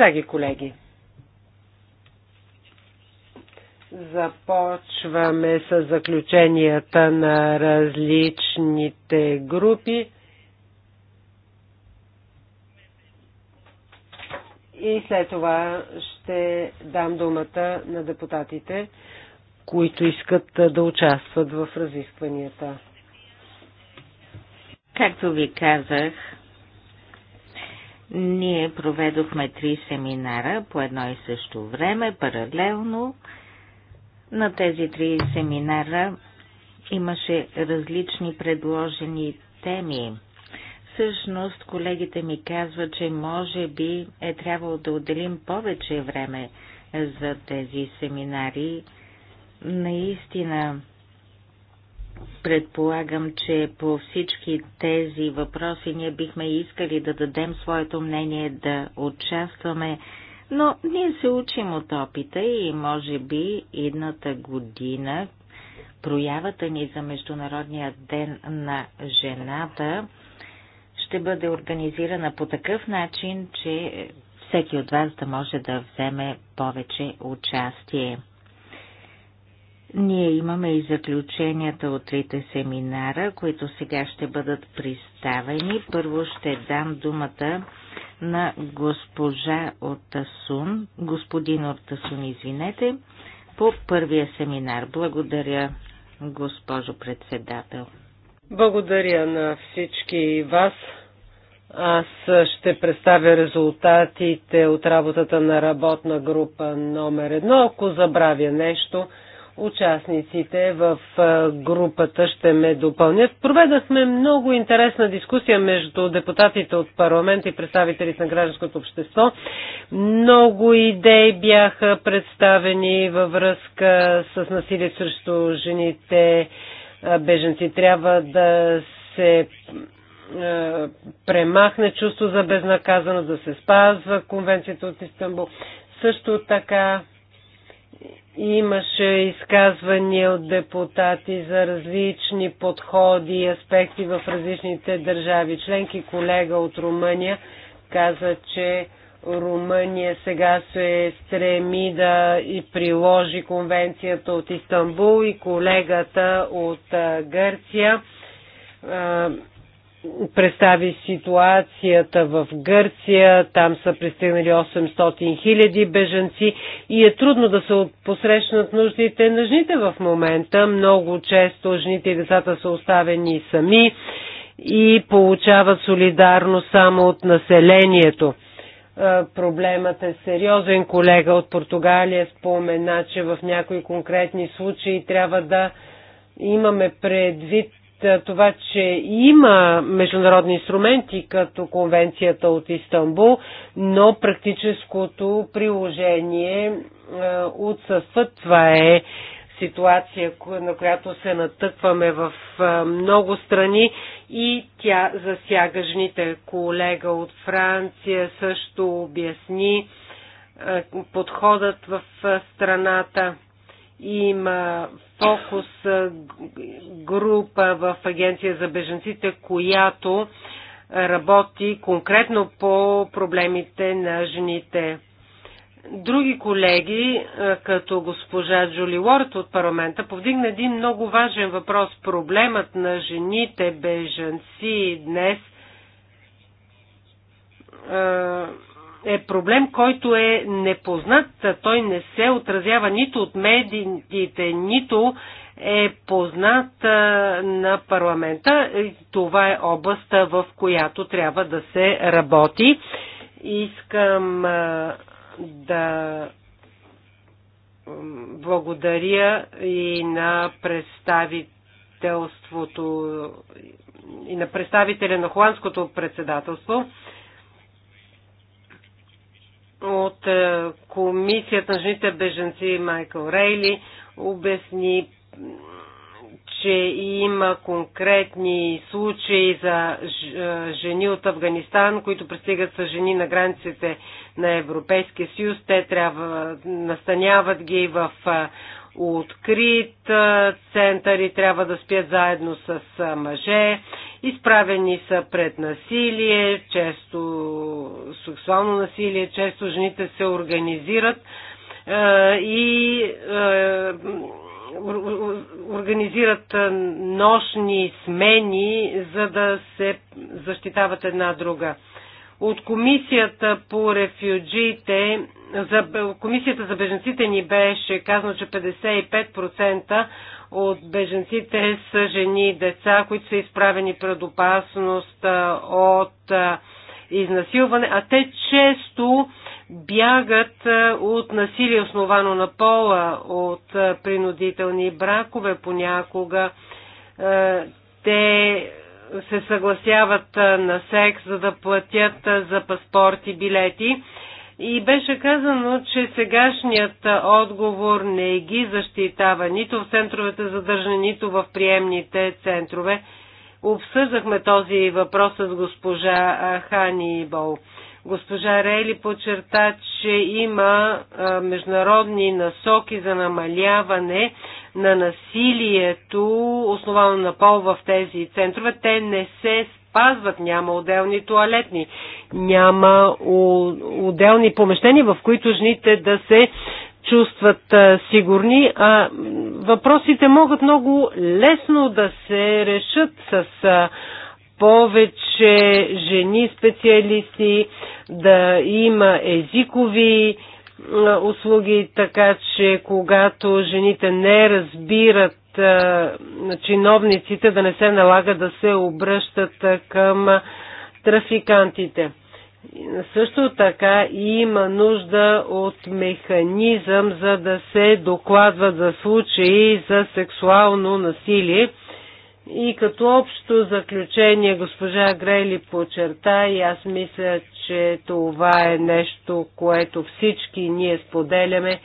Драги колеги, започваме с заключенията на различните групи. И след това ще дам думата на депутатите, които искат да участват в разискванията. Както ви казах, ние проведохме три семинара по едно и също време, паралелно. На тези три семинара имаше различни предложени теми. Всъщност, колегите ми казват, че може би е трябвало да отделим повече време за тези семинари. Наистина, Предполагам, че по всички тези въпроси ние бихме искали да дадем своето мнение, да участваме, но ние се учим от опита и може би едната година проявата ни за Международния ден на жената ще бъде организирана по такъв начин, че всеки от вас да може да вземе повече участие. Ние имаме и заключенията от трите семинара, които сега ще бъдат представени. Първо ще дам думата на госпожа Ортасун, господин Ортасун, извинете, по първия семинар. Благодаря, госпожо председател. Благодаря на всички вас. Аз ще представя резултатите от работата на работна група номер едно. Ако забравя нещо, Участниците в групата ще ме допълнят. Проведахме много интересна дискусия между депутатите от парламент и представители на гражданското общество. Много идеи бяха представени във връзка с насилие срещу жените. Беженци трябва да се премахне чувство за безнаказаност, да се спазва конвенцията от Истанбул. Също така Имаше изказвания от депутати за различни подходи и аспекти в различните държави. Членки колега от Румъния каза, че Румъния сега се стреми да и приложи конвенцията от Истанбул и колегата от Гърция представи ситуацията в Гърция. Там са пристигнали 800 хиляди бежанци и е трудно да се посрещнат нуждите на жените в момента. Много често жените и децата са оставени сами и получават солидарно само от населението. Е, проблемът е сериозен. Колега от Португалия спомена, че в някои конкретни случаи трябва да имаме предвид това, че има международни инструменти, като конвенцията от Истанбул, но практическото приложение отсъства. Това е ситуация, на която се натъкваме в много страни и тя засяга жените. Колега от Франция също обясни подходът в страната. Има фокус група в Агенция за беженците, която работи конкретно по проблемите на жените. Други колеги, като госпожа Джули Уорд от парламента, повдигна един много важен въпрос. Проблемът на жените беженци днес – е проблем, който е непознат. Той не се отразява нито от медиите, нито е познат на парламента. Това е областта в която трябва да се работи. Искам да благодаря и на представителството и на представителя на холандското председателство от е, Комисията на жените беженци Майкъл Рейли обясни, че има конкретни случаи за е, жени от Афганистан, които пристигат с жени на границите на Европейския съюз. Те трябва настаняват ги в е, открит център и трябва да спят заедно с мъже. Изправени са пред насилие, често сексуално насилие, често жените се организират и организират нощни смени, за да се защитават една друга. От комисията по рефюджиите за Комисията за беженците ни беше казано, че 55% от беженците са жени и деца, които са изправени пред опасност от изнасилване, а те често бягат от насилие основано на пола, от принудителни бракове понякога. Те се съгласяват на секс, за да платят за паспорти, билети и беше казано, че сегашният отговор не ги защитава нито в центровете за държане, нито в приемните центрове. Обсъждахме този въпрос с госпожа Хани Бол. Госпожа Рейли подчерта, че има международни насоки за намаляване на насилието, основано на пол в тези центрове. Те не се спазват, няма отделни туалетни, няма отделни помещения, в които жените да се чувстват сигурни, а въпросите могат много лесно да се решат с повече жени специалисти, да има езикови услуги, така че когато жените не разбират чиновниците да не се налага да се обръщат към трафикантите. Също така има нужда от механизъм, за да се докладват за случаи за сексуално насилие. И като общо заключение госпожа Грейли почерта и аз мисля, че това е нещо, което всички ние споделяме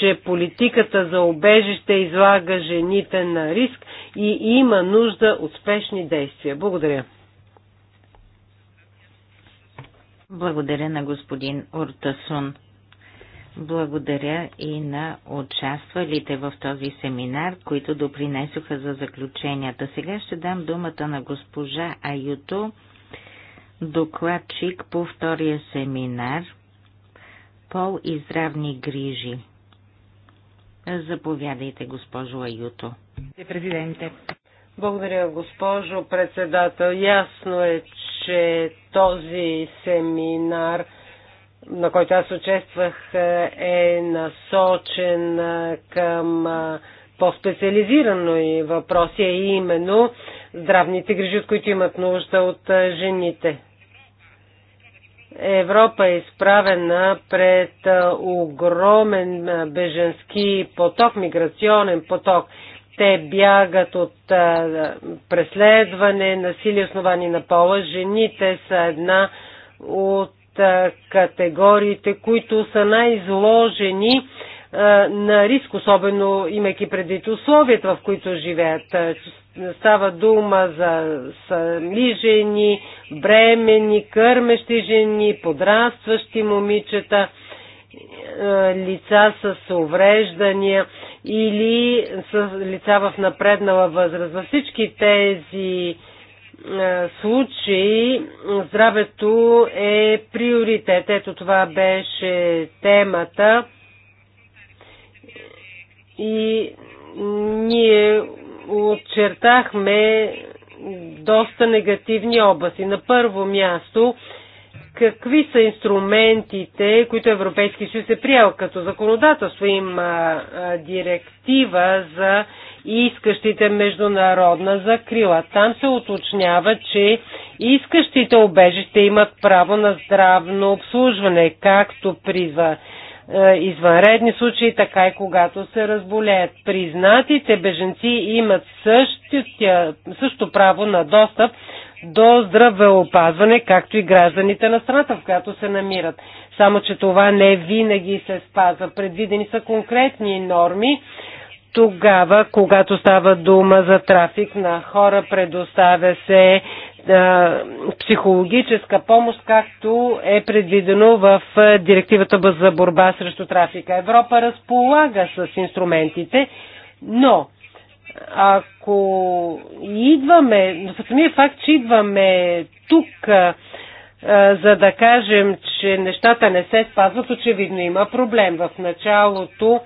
че политиката за обежище излага жените на риск и има нужда от спешни действия. Благодаря. Благодаря на господин Ортасун. Благодаря и на участвалите в този семинар, които допринесоха за заключенията. Сега ще дам думата на госпожа Аюто, докладчик по втория семинар Пол и здравни грижи. Заповядайте, госпожо Аюто. Президенте. Благодаря, госпожо председател. Ясно е, че този семинар, на който аз участвах, е насочен към по-специализирано и въпроси е именно здравните грижи, от които имат нужда от жените. Европа е изправена пред огромен беженски поток, миграционен поток. Те бягат от преследване, насилие основани на пола. Жените са една от категориите, които са най-изложени на риск, особено имайки предвид условията, в които живеят. Става дума за сами жени, бремени, кърмещи жени, подрастващи момичета, е, лица с увреждания или с лица в напреднала възраст. Във всички тези е, случаи здравето е приоритет. Ето това беше темата. И ние очертахме доста негативни области. На първо място, какви са инструментите, които Европейски съюз е приел като законодателство? Има директива за искащите международна закрила. Там се уточнява, че искащите обежище имат право на здравно обслужване, както при за е, извънредни случаи, така и когато се разболеят. Признатите беженци имат същия, също право на достъп до здравеопазване, както и гражданите на страната, в която се намират. Само, че това не винаги се спазва. Предвидени са конкретни норми, тогава, когато става дума за трафик на хора, предоставя се е, психологическа помощ, както е предвидено в е, директивата за борба срещу трафика. Европа разполага с инструментите, но ако идваме, самия факт, че идваме тук, е, за да кажем, че нещата не се спазват, очевидно има проблем. В началото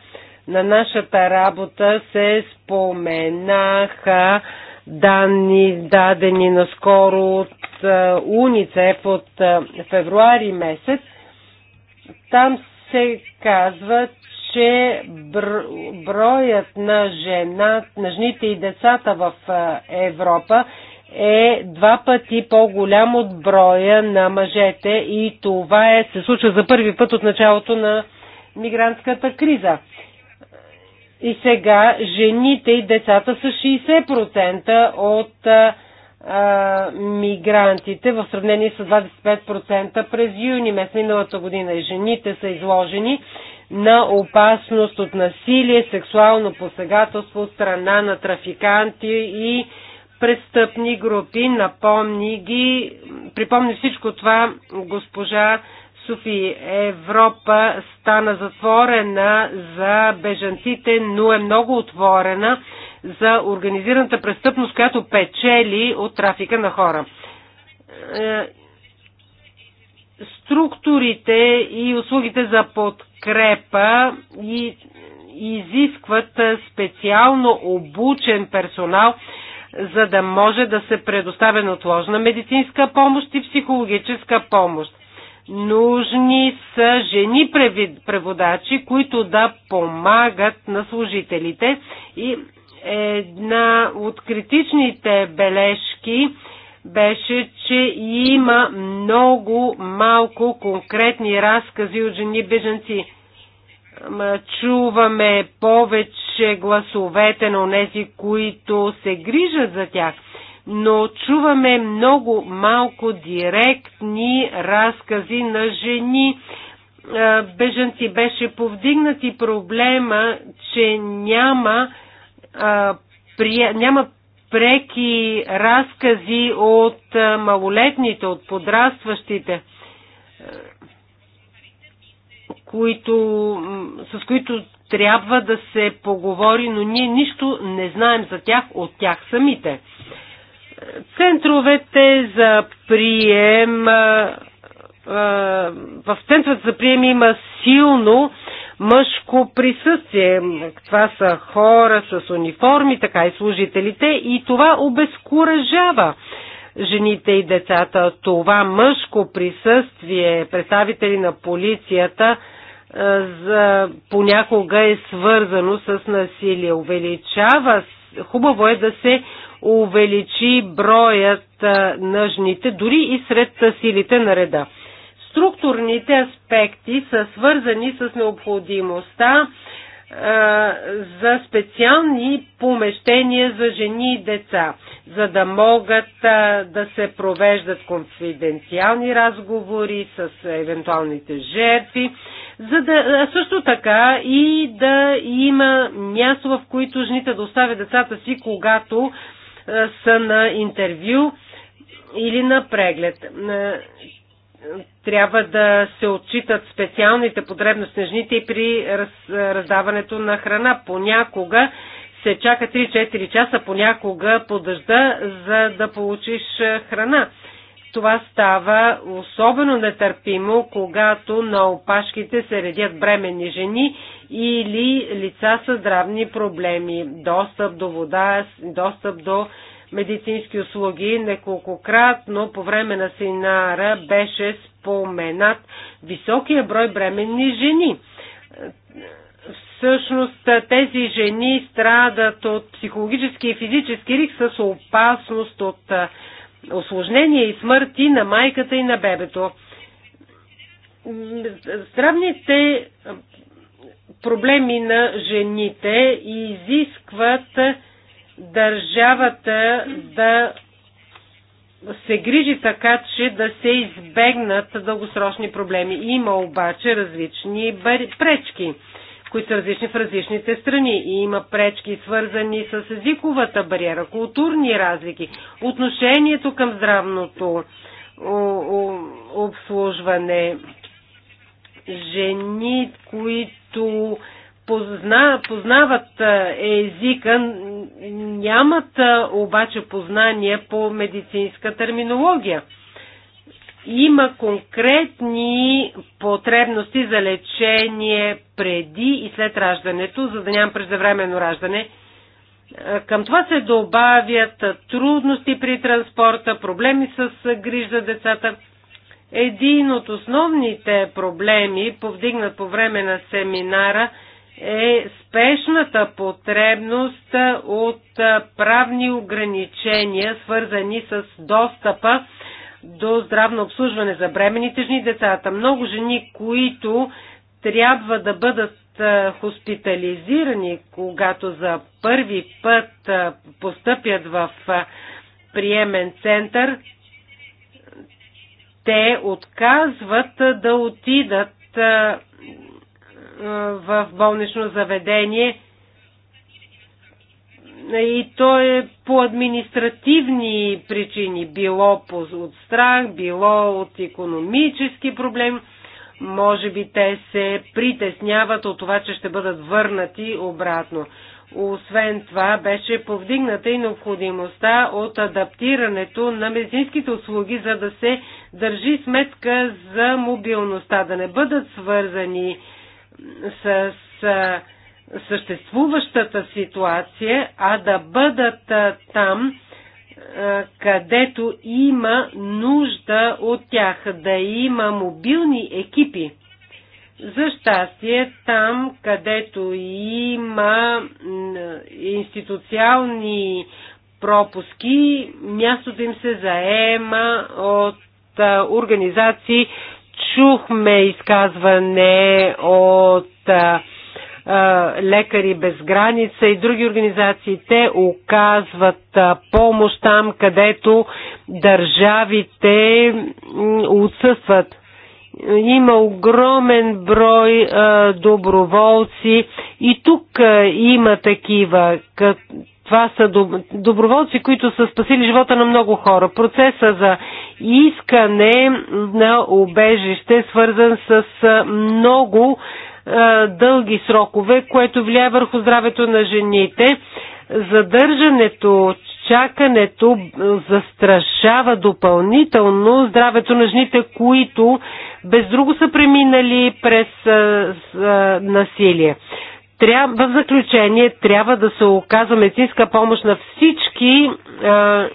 на нашата работа се споменаха данни, дадени наскоро от е, УНИЦЕФ от е, февруари месец. Там се казва, че броят на, жена, на жените и децата в е, Европа е два пъти по-голям от броя на мъжете и това е, се случва за първи път от началото на мигрантската криза. И сега жените и децата са 60% от а, а, мигрантите в сравнение с 25% през юни месец миналата година. И жените са изложени на опасност от насилие, сексуално посегателство от страна на трафиканти и престъпни групи. Напомни ги, припомни всичко това госпожа Софи Европа стана затворена за бежанците, но е много отворена за организираната престъпност, която печели от трафика на хора. Е, структурите и услугите за подкрепа и изискват специално обучен персонал, за да може да се предоставя отложна медицинска помощ и психологическа помощ. Нужни са жени преводачи, които да помагат на служителите. И една от критичните бележки беше, че има много малко конкретни разкази от жени беженци. Чуваме повече гласовете на тези, които се грижат за тях но чуваме много малко директни разкази на жени. Бежанци беше повдигнат и проблема, че няма, няма преки разкази от малолетните, от подрастващите, които, с които трябва да се поговори, но ние нищо не знаем за тях от тях самите. Центровете за прием в центровете за прием има силно мъжко присъствие. Това са хора с униформи, така и служителите и това обезкуражава жените и децата. Това мъжко присъствие, представители на полицията, за, понякога е свързано с насилие. Увеличава, хубаво е да се увеличи броят на жните, дори и сред силите на реда. Структурните аспекти са свързани с необходимостта за специални помещения за жени и деца, за да могат да се провеждат конфиденциални разговори с евентуалните жертви, за да, също така и да има място, в които жените да оставят децата си, когато е, са на интервю или на преглед. Е, трябва да се отчитат специалните потребности на жените и при раздаването на храна. Понякога се чака 3-4 часа, понякога по дъжда, за да получиш е, храна. Това става особено нетърпимо, когато на опашките се редят бремени жени или лица с здравни проблеми, достъп до вода, достъп до медицински услуги. Неколкократно по време на семинара беше споменат високия брой бременни жени. Всъщност тези жени страдат от психологически и физически риск с опасност от осложнения и смърти на майката и на бебето. Здравните проблеми на жените изискват държавата да се грижи така, че да се избегнат дългосрочни проблеми. Има обаче различни пречки които са различни в различните страни. И има пречки, свързани с езиковата бариера, културни разлики, отношението към здравното обслужване, жени, които позна, познават езика, нямат обаче познания по медицинска терминология има конкретни потребности за лечение преди и след раждането, за да нямам преждевременно раждане. Е, към това се добавят трудности при транспорта, проблеми с грижа за децата. Един от основните проблеми, повдигнат по време на семинара, е спешната потребност от правни ограничения, свързани с достъпа до здравно обслужване за бременните жени децата. Много жени, които трябва да бъдат хоспитализирани, когато за първи път постъпят в приемен център, те отказват да отидат в болнично заведение – и то е по административни причини, било от страх, било от економически проблем, Може би те се притесняват от това, че ще бъдат върнати обратно. Освен това беше повдигната и необходимостта от адаптирането на медицинските услуги, за да се държи сметка за мобилността, да не бъдат свързани с съществуващата ситуация, а да бъдат там, където има нужда от тях, да има мобилни екипи. За щастие, там, където има институциални пропуски, мястото им се заема от организации. Чухме изказване от лекари без граница и други организации. Те оказват помощ там, където държавите отсъстват. Има огромен брой доброволци и тук има такива. Това са доброволци, които са спасили живота на много хора. Процеса за искане на обежище е свързан с много е, дълги срокове, което влияе върху здравето на жените. Задържането, чакането застрашава допълнително здравето на жените, които без друго са преминали през е, е, насилие. в заключение трябва да се оказва медицинска помощ на всички а,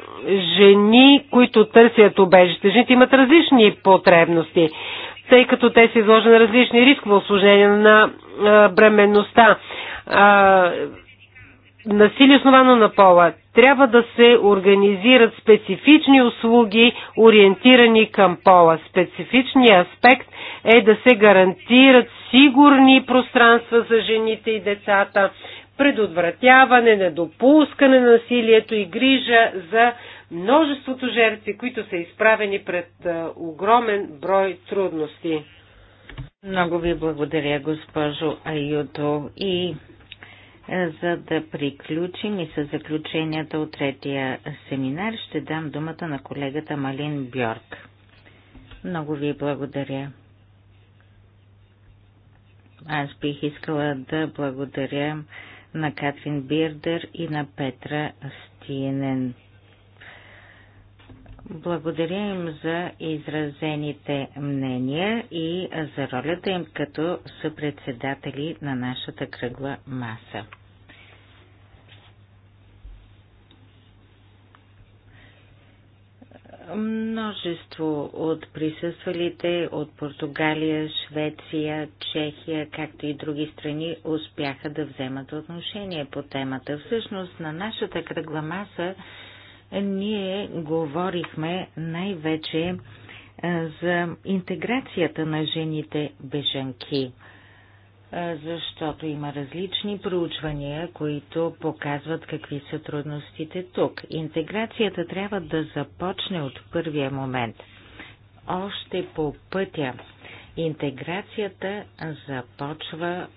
жени, които търсят убежище. Жените имат различни потребности тъй като те са изложени на различни рискове осложнения на бременността. Насилие основано на пола. Трябва да се организират специфични услуги, ориентирани към пола. Специфичният аспект е да се гарантират сигурни пространства за жените и децата, предотвратяване, недопускане на насилието и грижа за множеството жертви, които са изправени пред огромен брой трудности. Много ви благодаря, госпожо Айото, И е, за да приключим и с заключенията от третия семинар, ще дам думата на колегата Малин Бьорк. Много ви благодаря. Аз бих искала да благодаря на Катрин Бирдер и на Петра Стиенен. Благодаря им за изразените мнения и за ролята им като съпредседатели на нашата кръгла маса. Множество от присъствалите от Португалия, Швеция, Чехия, както и други страни успяха да вземат отношение по темата. Всъщност на нашата кръгла маса ние говорихме най-вече е, за интеграцията на жените бежанки, е, защото има различни проучвания, които показват какви са трудностите тук. Интеграцията трябва да започне от първия момент. Още по пътя интеграцията започва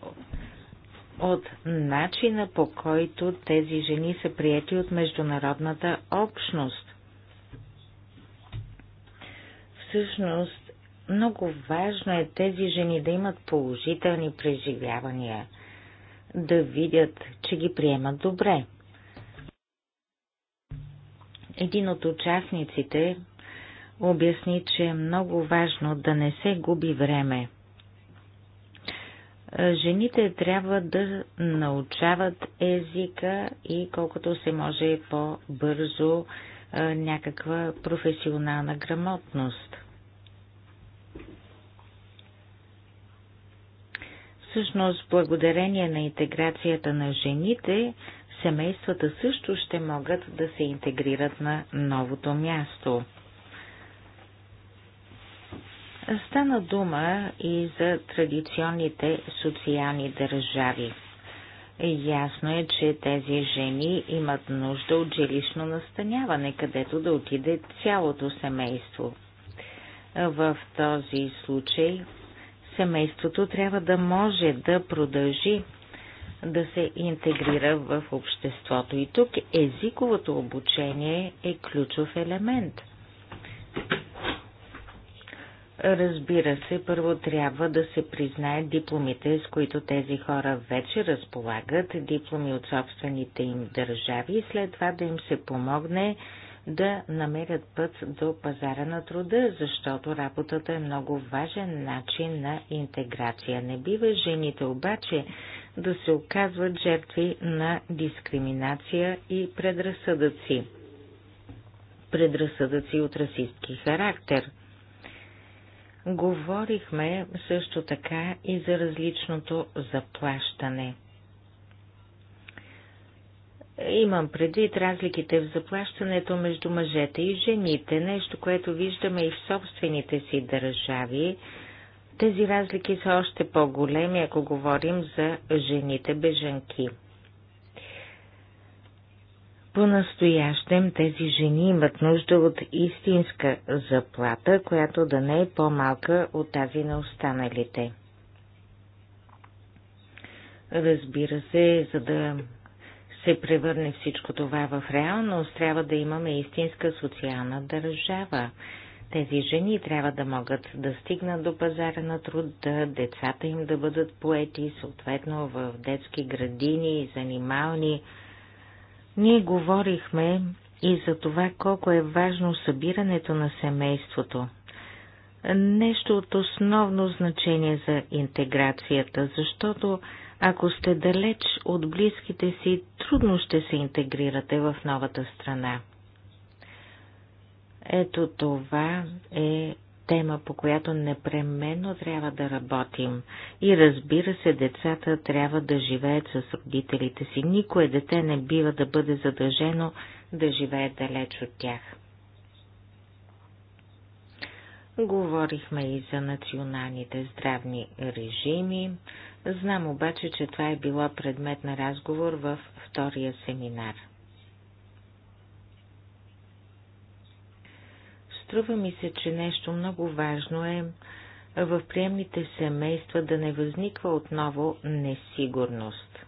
от начина по който тези жени са прияти от международната общност. Всъщност, много важно е тези жени да имат положителни преживявания, да видят, че ги приемат добре. Един от участниците обясни, че е много важно да не се губи време – жените трябва да научават езика и колкото се може по-бързо някаква професионална грамотност. Всъщност, благодарение на интеграцията на жените, семействата също ще могат да се интегрират на новото място. Стана дума и за традиционните социални държави. Ясно е, че тези жени имат нужда от жилищно настаняване, където да отиде цялото семейство. В този случай семейството трябва да може да продължи да се интегрира в обществото. И тук езиковото обучение е ключов елемент. Разбира се, първо трябва да се признаят дипломите, с които тези хора вече разполагат, дипломи от собствените им държави и след това да им се помогне да намерят път до пазара на труда, защото работата е много важен начин на интеграция. Не бива жените обаче да се оказват жертви на дискриминация и предразсъдъци. Предразсъдъци от расистски характер – Говорихме също така и за различното заплащане. Имам предвид разликите в заплащането между мъжете и жените, нещо, което виждаме и в собствените си държави. Тези разлики са още по-големи, ако говорим за жените бежанки. По-настоящем тези жени имат нужда от истинска заплата, която да не е по-малка от тази на останалите. Разбира се, за да се превърне всичко това в реалност, трябва да имаме истинска социална държава. Тези жени трябва да могат да стигнат до пазара на труда, децата им да бъдат поети, съответно в детски градини, занимални, ние говорихме и за това колко е важно събирането на семейството. Нещо от основно значение за интеграцията, защото ако сте далеч от близките си, трудно ще се интегрирате в новата страна. Ето това е тема, по която непременно трябва да работим. И разбира се, децата трябва да живеят с родителите си. Никое дете не бива да бъде задължено да живее далеч от тях. Говорихме и за националните здравни режими. Знам обаче, че това е било предмет на разговор във втория семинар – Струва ми се, че нещо много важно е в приемните семейства да не възниква отново несигурност.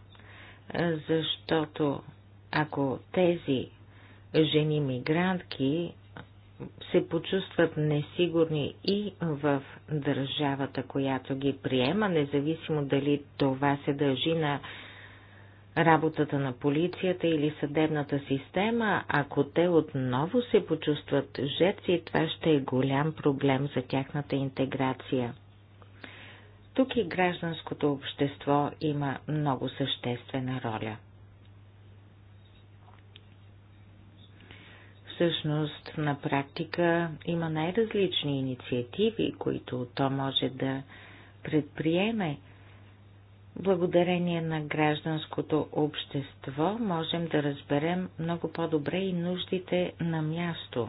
Защото ако тези жени мигрантки се почувстват несигурни и в държавата, която ги приема, независимо дали това се дължи на работата на полицията или съдебната система, ако те отново се почувстват жертви, това ще е голям проблем за тяхната интеграция. Тук и гражданското общество има много съществена роля. Всъщност, на практика има най-различни инициативи, които то може да предприеме – Благодарение на гражданското общество можем да разберем много по-добре и нуждите на място.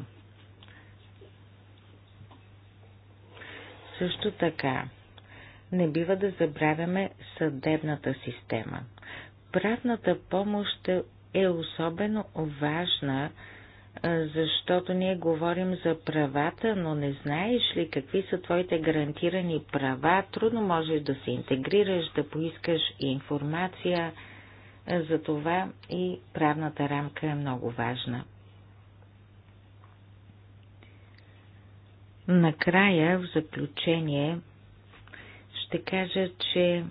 Също така, не бива да забравяме съдебната система. Правната помощ е особено важна защото ние говорим за правата, но не знаеш ли какви са твоите гарантирани права, трудно можеш да се интегрираш, да поискаш информация, за това и правната рамка е много важна. Накрая, в заключение, ще кажа, че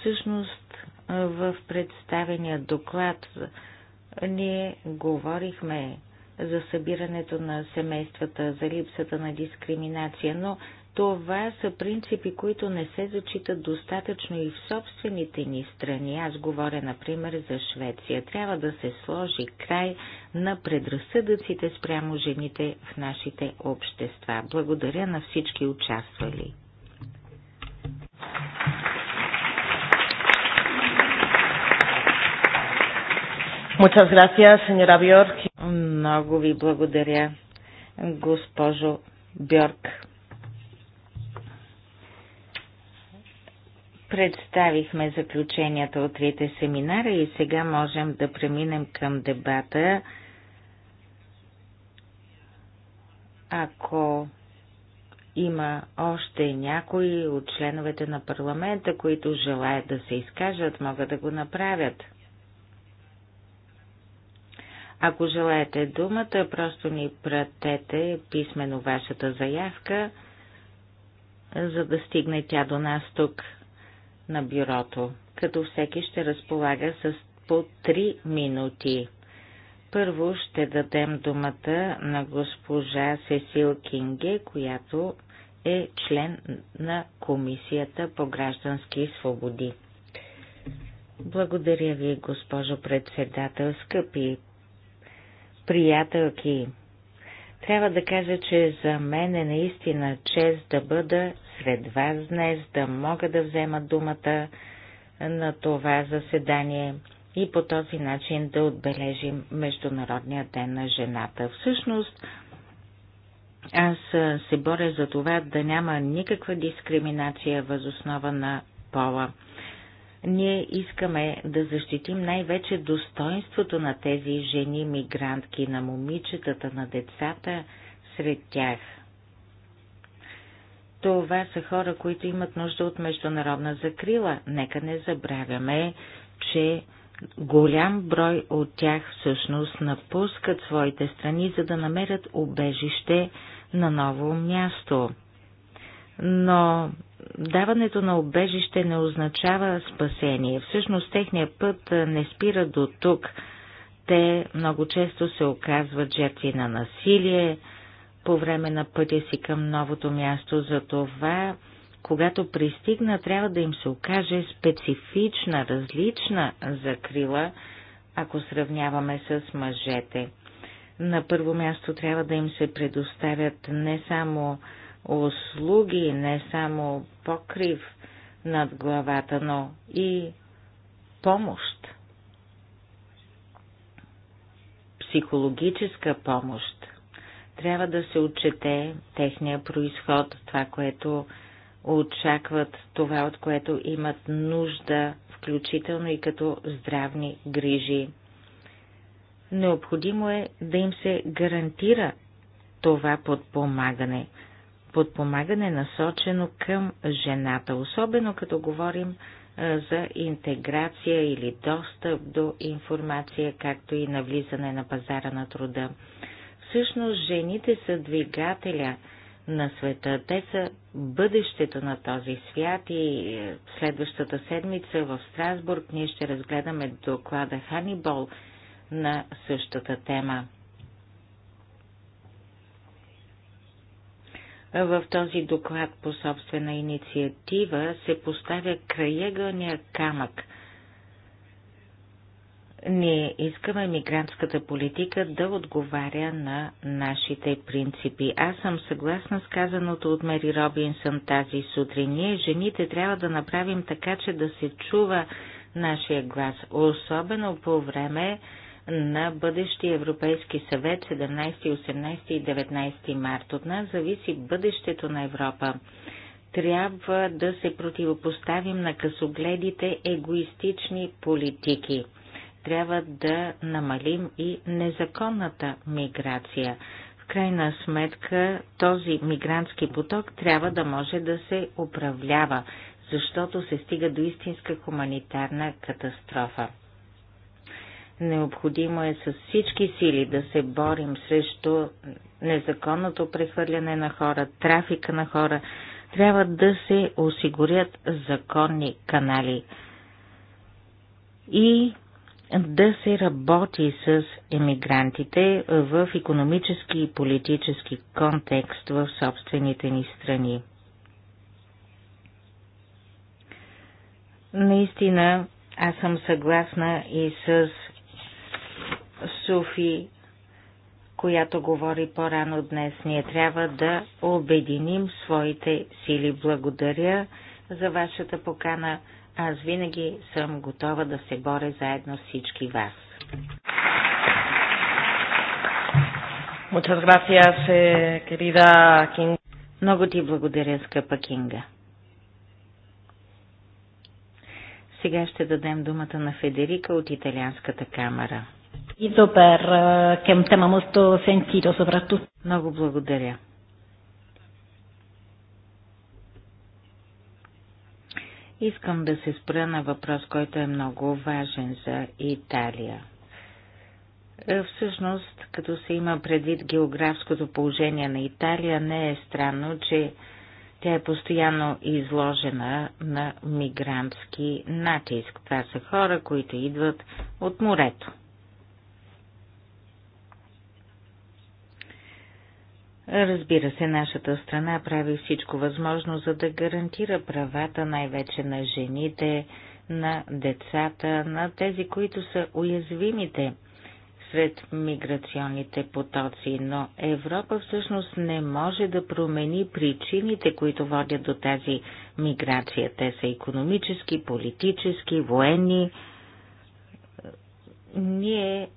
всъщност в представения доклад ние говорихме за събирането на семействата, за липсата на дискриминация, но това са принципи, които не се зачитат достатъчно и в собствените ни страни. Аз говоря, например, за Швеция. Трябва да се сложи край на предразсъдъците спрямо жените в нашите общества. Благодаря на всички участвали. Muchas gracias, señora Björk. Много ви благодаря, госпожо Бьорк. Представихме заключенията от трите семинара и сега можем да преминем към дебата. Ако има още някои от членовете на парламента, които желаят да се изкажат, могат да го направят. Ако желаете думата, просто ни пратете писменно вашата заявка, за да стигне тя до нас тук на бюрото, като всеки ще разполага с по 3 минути. Първо ще дадем думата на госпожа Сесил Кинге, която е член на Комисията по граждански свободи. Благодаря ви, госпожо председател, скъпи приятелки. Трябва да кажа, че за мен е наистина чест да бъда сред вас днес, да мога да взема думата на това заседание и по този начин да отбележим Международния ден на жената. Всъщност, аз се боря за това да няма никаква дискриминация възоснова на пола. Ние искаме да защитим най-вече достоинството на тези жени мигрантки, на момичетата, на децата сред тях. Това са хора, които имат нужда от международна закрила. Нека не забравяме, че голям брой от тях всъщност напускат своите страни, за да намерят убежище на ново място. Но даването на обежище не означава спасение. Всъщност техният път не спира до тук. Те много често се оказват жертви на насилие по време на пътя си към новото място. За това, когато пристигна, трябва да им се окаже специфична, различна закрила, ако сравняваме с мъжете. На първо място трябва да им се предоставят не само услуги, не само покрив над главата, но и помощ. Психологическа помощ. Трябва да се отчете техния происход, това, което очакват, това, от което имат нужда, включително и като здравни грижи. Необходимо е да им се гарантира това подпомагане подпомагане насочено към жената, особено като говорим за интеграция или достъп до информация, както и навлизане на пазара на труда. Всъщност жените са двигателя на света. Те са бъдещето на този свят и е, следващата седмица в Страсбург ние ще разгледаме доклада Ханибол на същата тема. В този доклад по собствена инициатива се поставя краегълния камък. Ние искаме мигрантската политика да отговаря на нашите принципи. Аз съм съгласна с казаното от Мери Робинсън тази сутрин. Ние, жените, трябва да направим така, че да се чува нашия глас, особено по време на бъдещия Европейски съвет 17, 18 и 19 март. От нас зависи бъдещето на Европа. Трябва да се противопоставим на късогледите егоистични политики. Трябва да намалим и незаконната миграция. В крайна сметка този мигрантски поток трябва да може да се управлява, защото се стига до истинска хуманитарна катастрофа. Необходимо е с всички сили да се борим срещу незаконното прехвърляне на хора, трафика на хора. Трябва да се осигурят законни канали и да се работи с емигрантите в економически и политически контекст в собствените ни страни. Наистина, аз съм съгласна и с Суфи, която говори по-рано днес. Ние трябва да обединим своите сили. Благодаря за вашата покана. Аз винаги съм готова да се боря заедно с всички вас. Eh, Много ти благодаря, скъпа Кинга. Сега ще дадем думата на Федерика от Италианската камера. Eh, много благодаря. Искам да се спра на въпрос, който е много важен за Италия. Е, всъщност, като се има предвид географското положение на Италия, не е странно, че тя е постоянно изложена на мигрантски натиск. Това са хора, които идват от морето. Разбира се, нашата страна прави всичко възможно, за да гарантира правата най-вече на жените, на децата, на тези, които са уязвимите сред миграционните потоци, но Европа всъщност не може да промени причините, които водят до тази миграция. Те са економически, политически, военни. Ние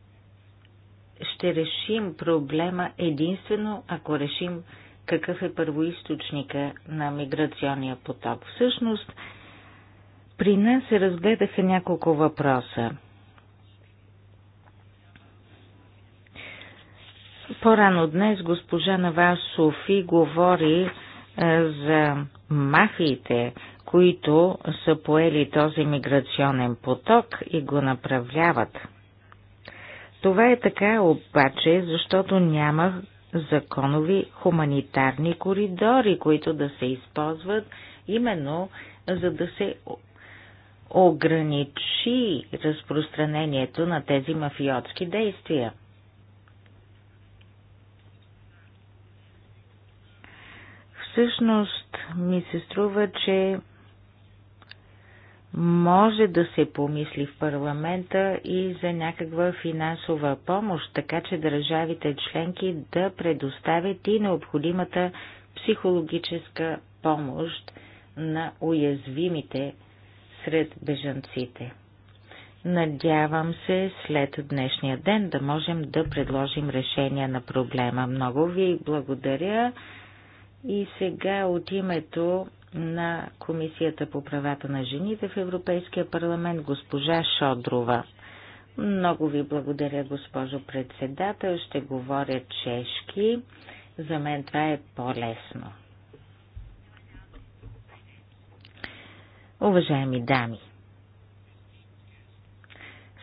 ще решим проблема единствено, ако решим какъв е първоисточника на миграционния поток. Всъщност, при нас се разгледаха няколко въпроса. По-рано днес госпожа Нава Софи говори е, за мафиите, които са поели този миграционен поток и го направляват – това е така обаче, защото няма законови хуманитарни коридори, които да се използват именно за да се ограничи разпространението на тези мафиотски действия. Всъщност ми се струва, че може да се помисли в парламента и за някаква финансова помощ, така че държавите членки да предоставят и необходимата психологическа помощ на уязвимите сред бежанците. Надявам се след днешния ден да можем да предложим решение на проблема. Много ви благодаря. И сега от името на Комисията по правата на жените в Европейския парламент госпожа Шодрова. Много ви благодаря, госпожо председател. Ще говоря чешки. За мен това е по-лесно. Уважаеми дами,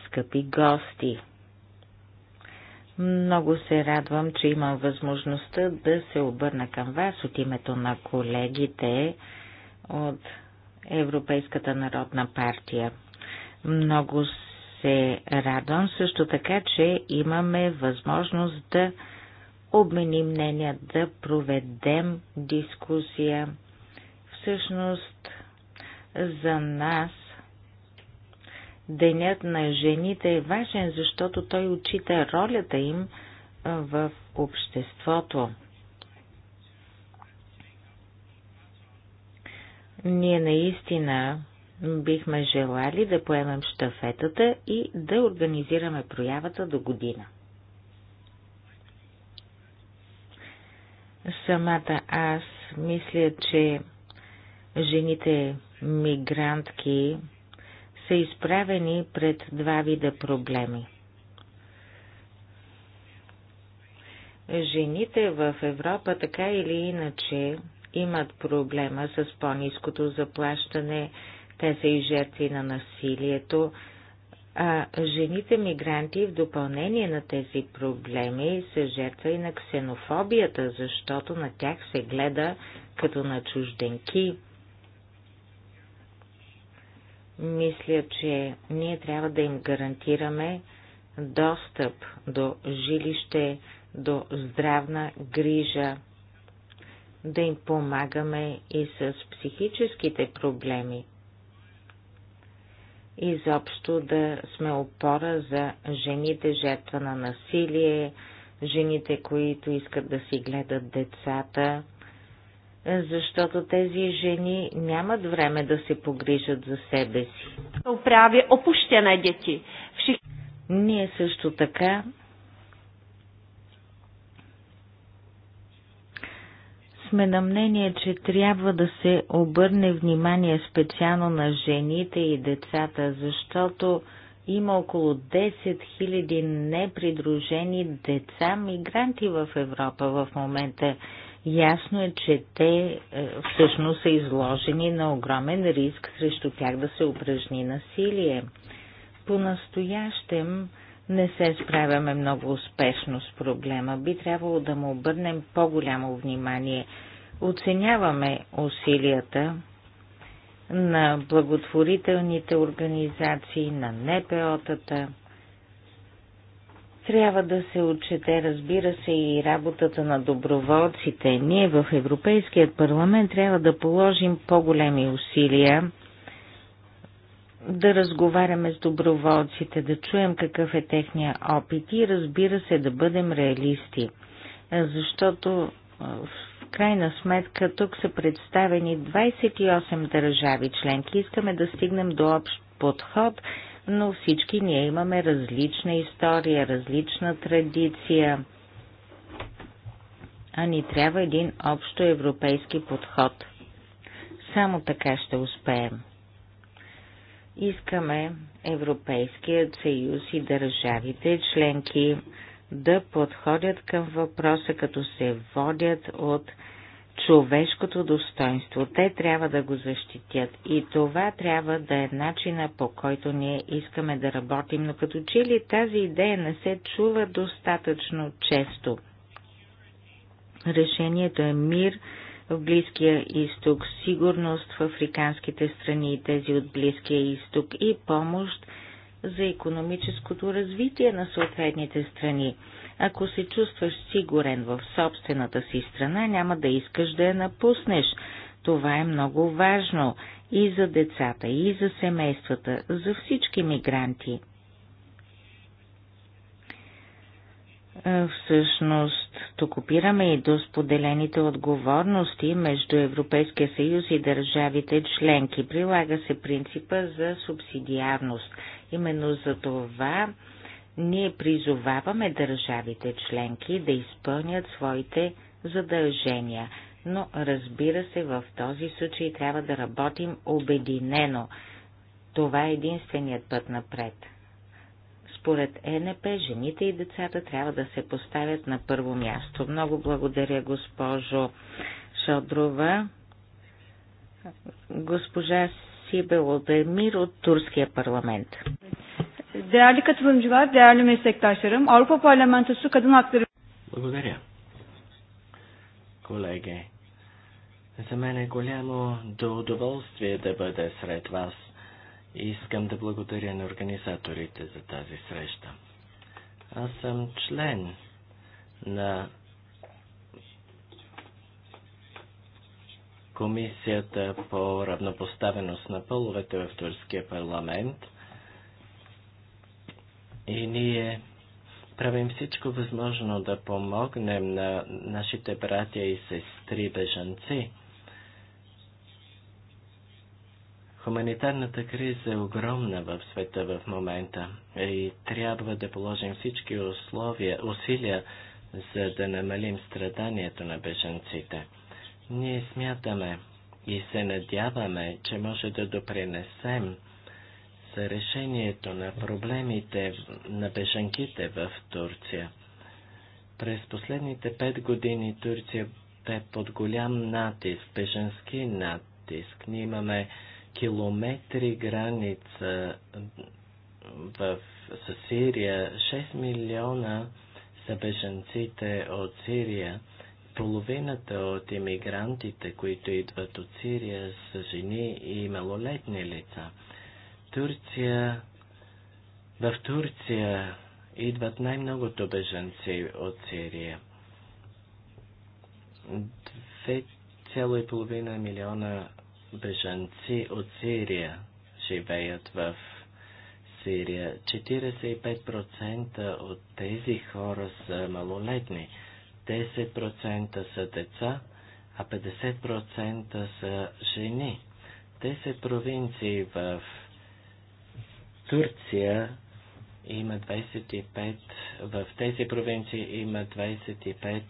скъпи гости, много се радвам, че имам възможността да се обърна към вас от името на колегите, от Европейската народна партия. Много се радвам също така, че имаме възможност да обменим мнения, да проведем дискусия. Всъщност, за нас Денят на жените е важен, защото той отчита ролята им в обществото. Ние наистина бихме желали да поемем штафетата и да организираме проявата до година. Самата аз мисля, че жените мигрантки са изправени пред два вида проблеми. Жените в Европа така или иначе имат проблема с по-низкото заплащане, те са и жертви на насилието, а жените мигранти в допълнение на тези проблеми са жертва и на ксенофобията, защото на тях се гледа като на чужденки. Мисля, че ние трябва да им гарантираме достъп до жилище, до здравна грижа, да им помагаме и с психическите проблеми. Изобщо да сме опора за жените жертва на насилие, жените, които искат да си гледат децата, защото тези жени нямат време да се погрижат за себе си. Оправя опущена дети. Ние също така сме на мнение, че трябва да се обърне внимание специално на жените и децата, защото има около 10 000 непридружени деца мигранти в Европа в момента. Ясно е, че те е, всъщност са изложени на огромен риск срещу тях да се упражни насилие. По-настоящем не се справяме много успешно с проблема. Би трябвало да му обърнем по-голямо внимание. Оценяваме усилията на благотворителните организации, на НПО-тата. Трябва да се отчете, разбира се, и работата на доброволците. Ние в Европейският парламент трябва да положим по-големи усилия да разговаряме с доброволците, да чуем какъв е техния опит и разбира се да бъдем реалисти, защото в крайна сметка тук са представени 28 държави членки. Искаме да стигнем до общ подход, но всички ние имаме различна история, различна традиция, а ни трябва един общо европейски подход. Само така ще успеем. Искаме Европейският съюз и държавите членки да подходят към въпроса, като се водят от човешкото достоинство. Те трябва да го защитят и това трябва да е начина по който ние искаме да работим, но като че ли тази идея не се чува достатъчно често. Решението е мир, в Близкия изток, сигурност в африканските страни и тези от Близкия изток и помощ за економическото развитие на съответните страни. Ако се чувстваш сигурен в собствената си страна, няма да искаш да я напуснеш. Това е много важно и за децата, и за семействата, за всички мигранти. Е, всъщност, тук опираме и до споделените отговорности между Европейския съюз и държавите членки. Прилага се принципа за субсидиарност. Именно за това ние призоваваме държавите членки да изпълнят своите задължения. Но разбира се, в този случай трябва да работим обединено. Това е единственият път напред. Според ЕНП, жените и децата трябва да се поставят на първо място. Много благодаря, госпожо Шодрова. Госпожа Сибело Демир от Турския парламент. Благодаря. Колеги, за мен е голямо до удоволствие да бъда сред вас Искам да благодаря на организаторите за тази среща. Аз съм член на Комисията по равнопоставеност на половете в Турския парламент и ние правим всичко възможно да помогнем на нашите братя и сестри бежанци. Хуманитарната криза е огромна в света в момента и трябва да положим всички условия, усилия, за да намалим страданието на беженците. Ние смятаме и се надяваме, че може да допринесем за решението на проблемите на бежанките в Турция. През последните пет години Турция бе под голям натиск, бежански натиск. Ние имаме километри граница в, Сирия. 6 милиона са беженците от Сирия. Половината от иммигрантите, които идват от Сирия, са жени и малолетни лица. Турция, в Турция идват най-многото беженци от Сирия. 2,5 милиона бежанци от Сирия живеят в Сирия. 45% от тези хора са малолетни, 10% са деца, а 50% са жени. 10 провинции в Турция има 25, в тези провинции има 25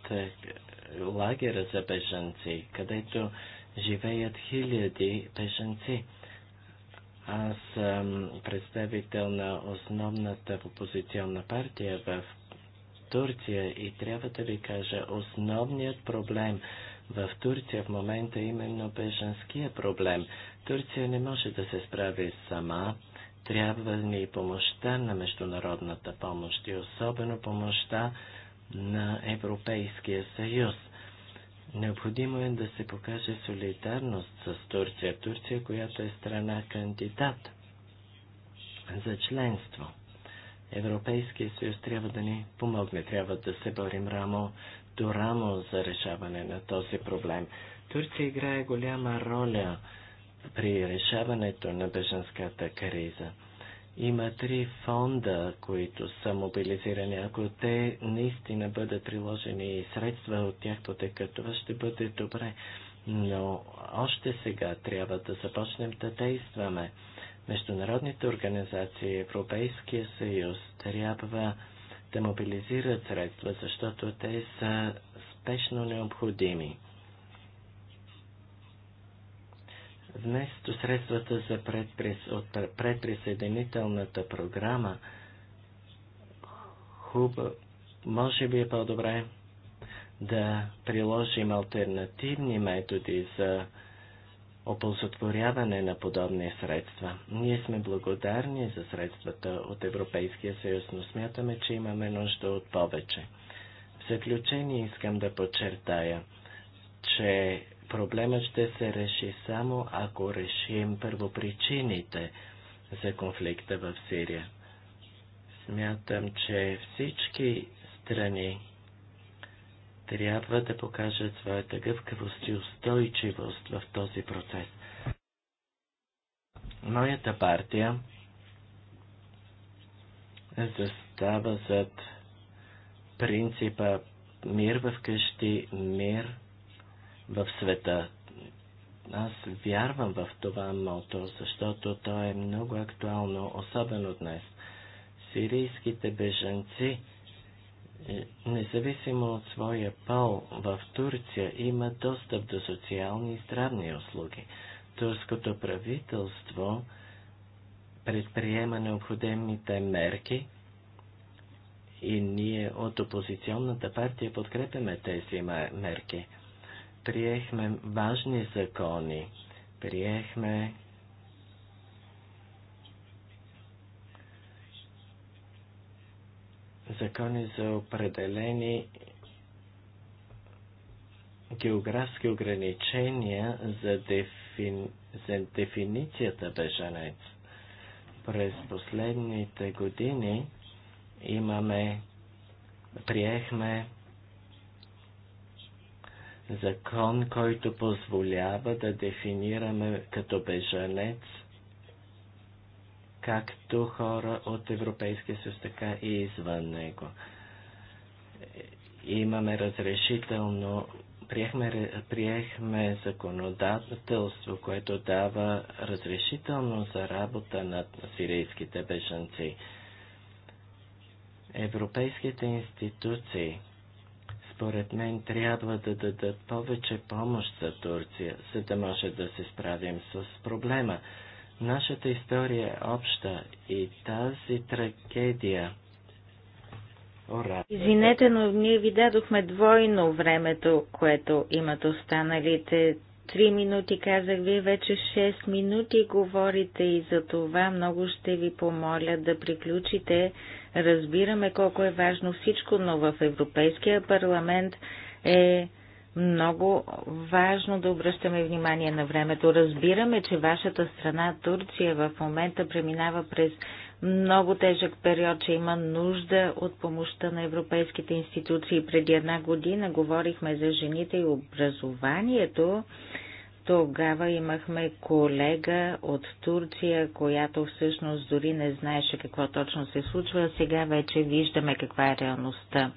лагера за бежанци, където живеят хиляди бежанци. Аз съм представител на основната опозиционна партия в Турция и трябва да ви кажа, основният проблем в Турция в момента е именно бежанския проблем. Турция не може да се справи сама. Трябва ни и помощта на международната помощ и особено помощта на Европейския съюз – Необходимо е да се покаже солидарност с Турция, Турция, която е страна кандидат за членство. Европейския съюз трябва да ни помогне, трябва да се борим рамо до рамо за решаване на този проблем. Турция играе голяма роля при решаването на беженската криза. Има три фонда, които са мобилизирани. Ако те наистина бъдат приложени и средства от тях потекат, това ще бъде добре. Но още сега трябва да започнем да действаме. Международните организации, Европейския съюз трябва да мобилизират средства, защото те са спешно необходими. вместо средствата за предприс... от предприсъединителната програма, хубаво, може би е по-добре да приложим альтернативни методи за оползотворяване на подобни средства. Ние сме благодарни за средствата от Европейския съюз, но смятаме, че имаме нужда от повече. В заключение искам да подчертая, че Проблема ще се реши само ако решим първопричините за конфликта в Сирия. Смятам, че всички страни трябва да покажат своята гъвкавост и устойчивост в този процес. Моята партия застава зад принципа мир в къщи, мир в света. Аз вярвам в това мото, защото то е много актуално, особено днес. Сирийските бежанци, е, независимо от своя пол в Турция, имат достъп до социални и здравни услуги. Турското правителство предприема необходимите мерки и ние от опозиционната партия подкрепяме тези мерки приехме важни закони. Приехме закони за определени географски ограничения за, дефи... за дефиницията бежанец. През последните години имаме, приехме закон, който позволява да дефинираме като бежанец както хора от Европейския съюз, така и извън него. Имаме разрешително, приехме, приехме законодателство, което дава разрешително за работа над сирийските бежанци. Европейските институции – според мен трябва да дадат повече помощ за Турция, за да може да се справим с проблема. Нашата история е обща и тази трагедия. Извинете, но ние ви дадохме двойно времето, което имат останалите. Три минути казах, вие вече 6 минути говорите и за това много ще ви помоля да приключите. Разбираме колко е важно всичко, но в Европейския парламент е много важно да обръщаме внимание на времето. Разбираме, че вашата страна, Турция, в момента преминава през много тежък период, че има нужда от помощта на европейските институции. Преди една година говорихме за жените и образованието. Тогава имахме колега от Турция, която всъщност дори не знаеше какво точно се случва, а сега вече виждаме каква е реалността.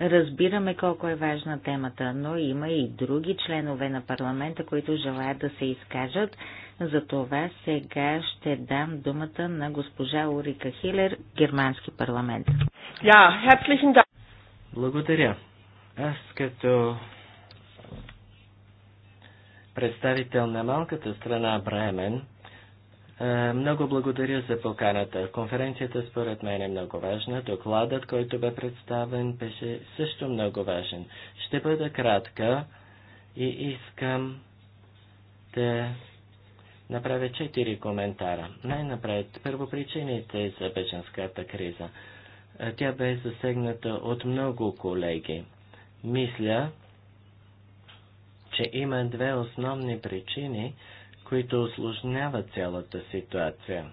Разбираме колко е важна темата, но има и други членове на парламента, които желаят да се изкажат. Затова сега ще дам думата на госпожа Урика Хилер, германски парламент. Благодаря. Аз като представител на малката страна Бремен, е, много благодаря за поканата. Конференцията според мен е много важна. Докладът, който бе представен, беше също много важен. Ще бъда кратка и искам да направя четири коментара. Най-напред, първопричините за беженската криза. Е, тя бе засегната от много колеги. Мисля, че има две основни причини, които осложняват цялата ситуация.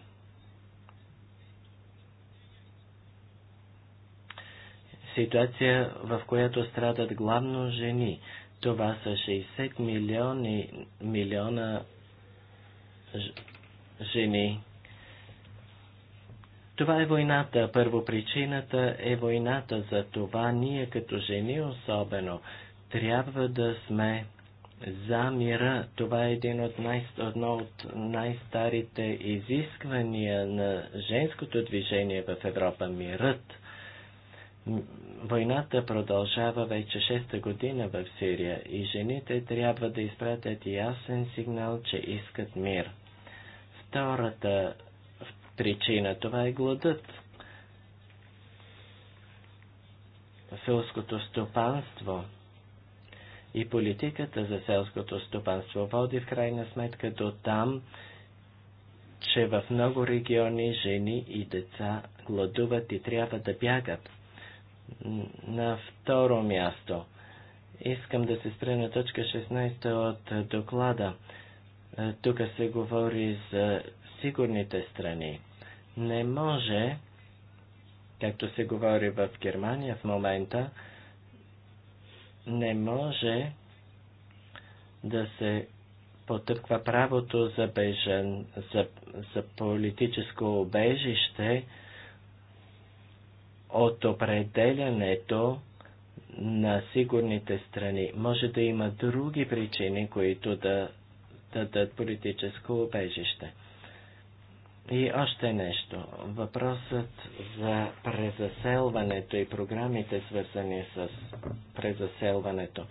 Ситуация, в която страдат главно жени. Това са 60 милиони, милиона жени. Това е войната. Първопричината е войната. За това ние като жени особено трябва да сме за мира. Това е един от най, едно от най-старите изисквания на женското движение в Европа – мирът. Войната продължава вече 6-та година в Сирия и жените трябва да изпратят ясен сигнал, че искат мир. Втората причина това е гладът. Селското стопанство – и политиката за селското стопанство води в крайна сметка до там, че в много региони жени и деца гладуват и трябва да бягат. На второ място искам да се спре на точка 16 от доклада. Тук се говори за сигурните страни. Не може, както се говори в Германия в момента, не може да се потъпква правото за бежен, за, за политическо обежище от определянето на сигурните страни. Може да има други причини, които да дадат политическо обежище. И още нещо. Въпросът за презаселването и програмите, свързани с презаселването.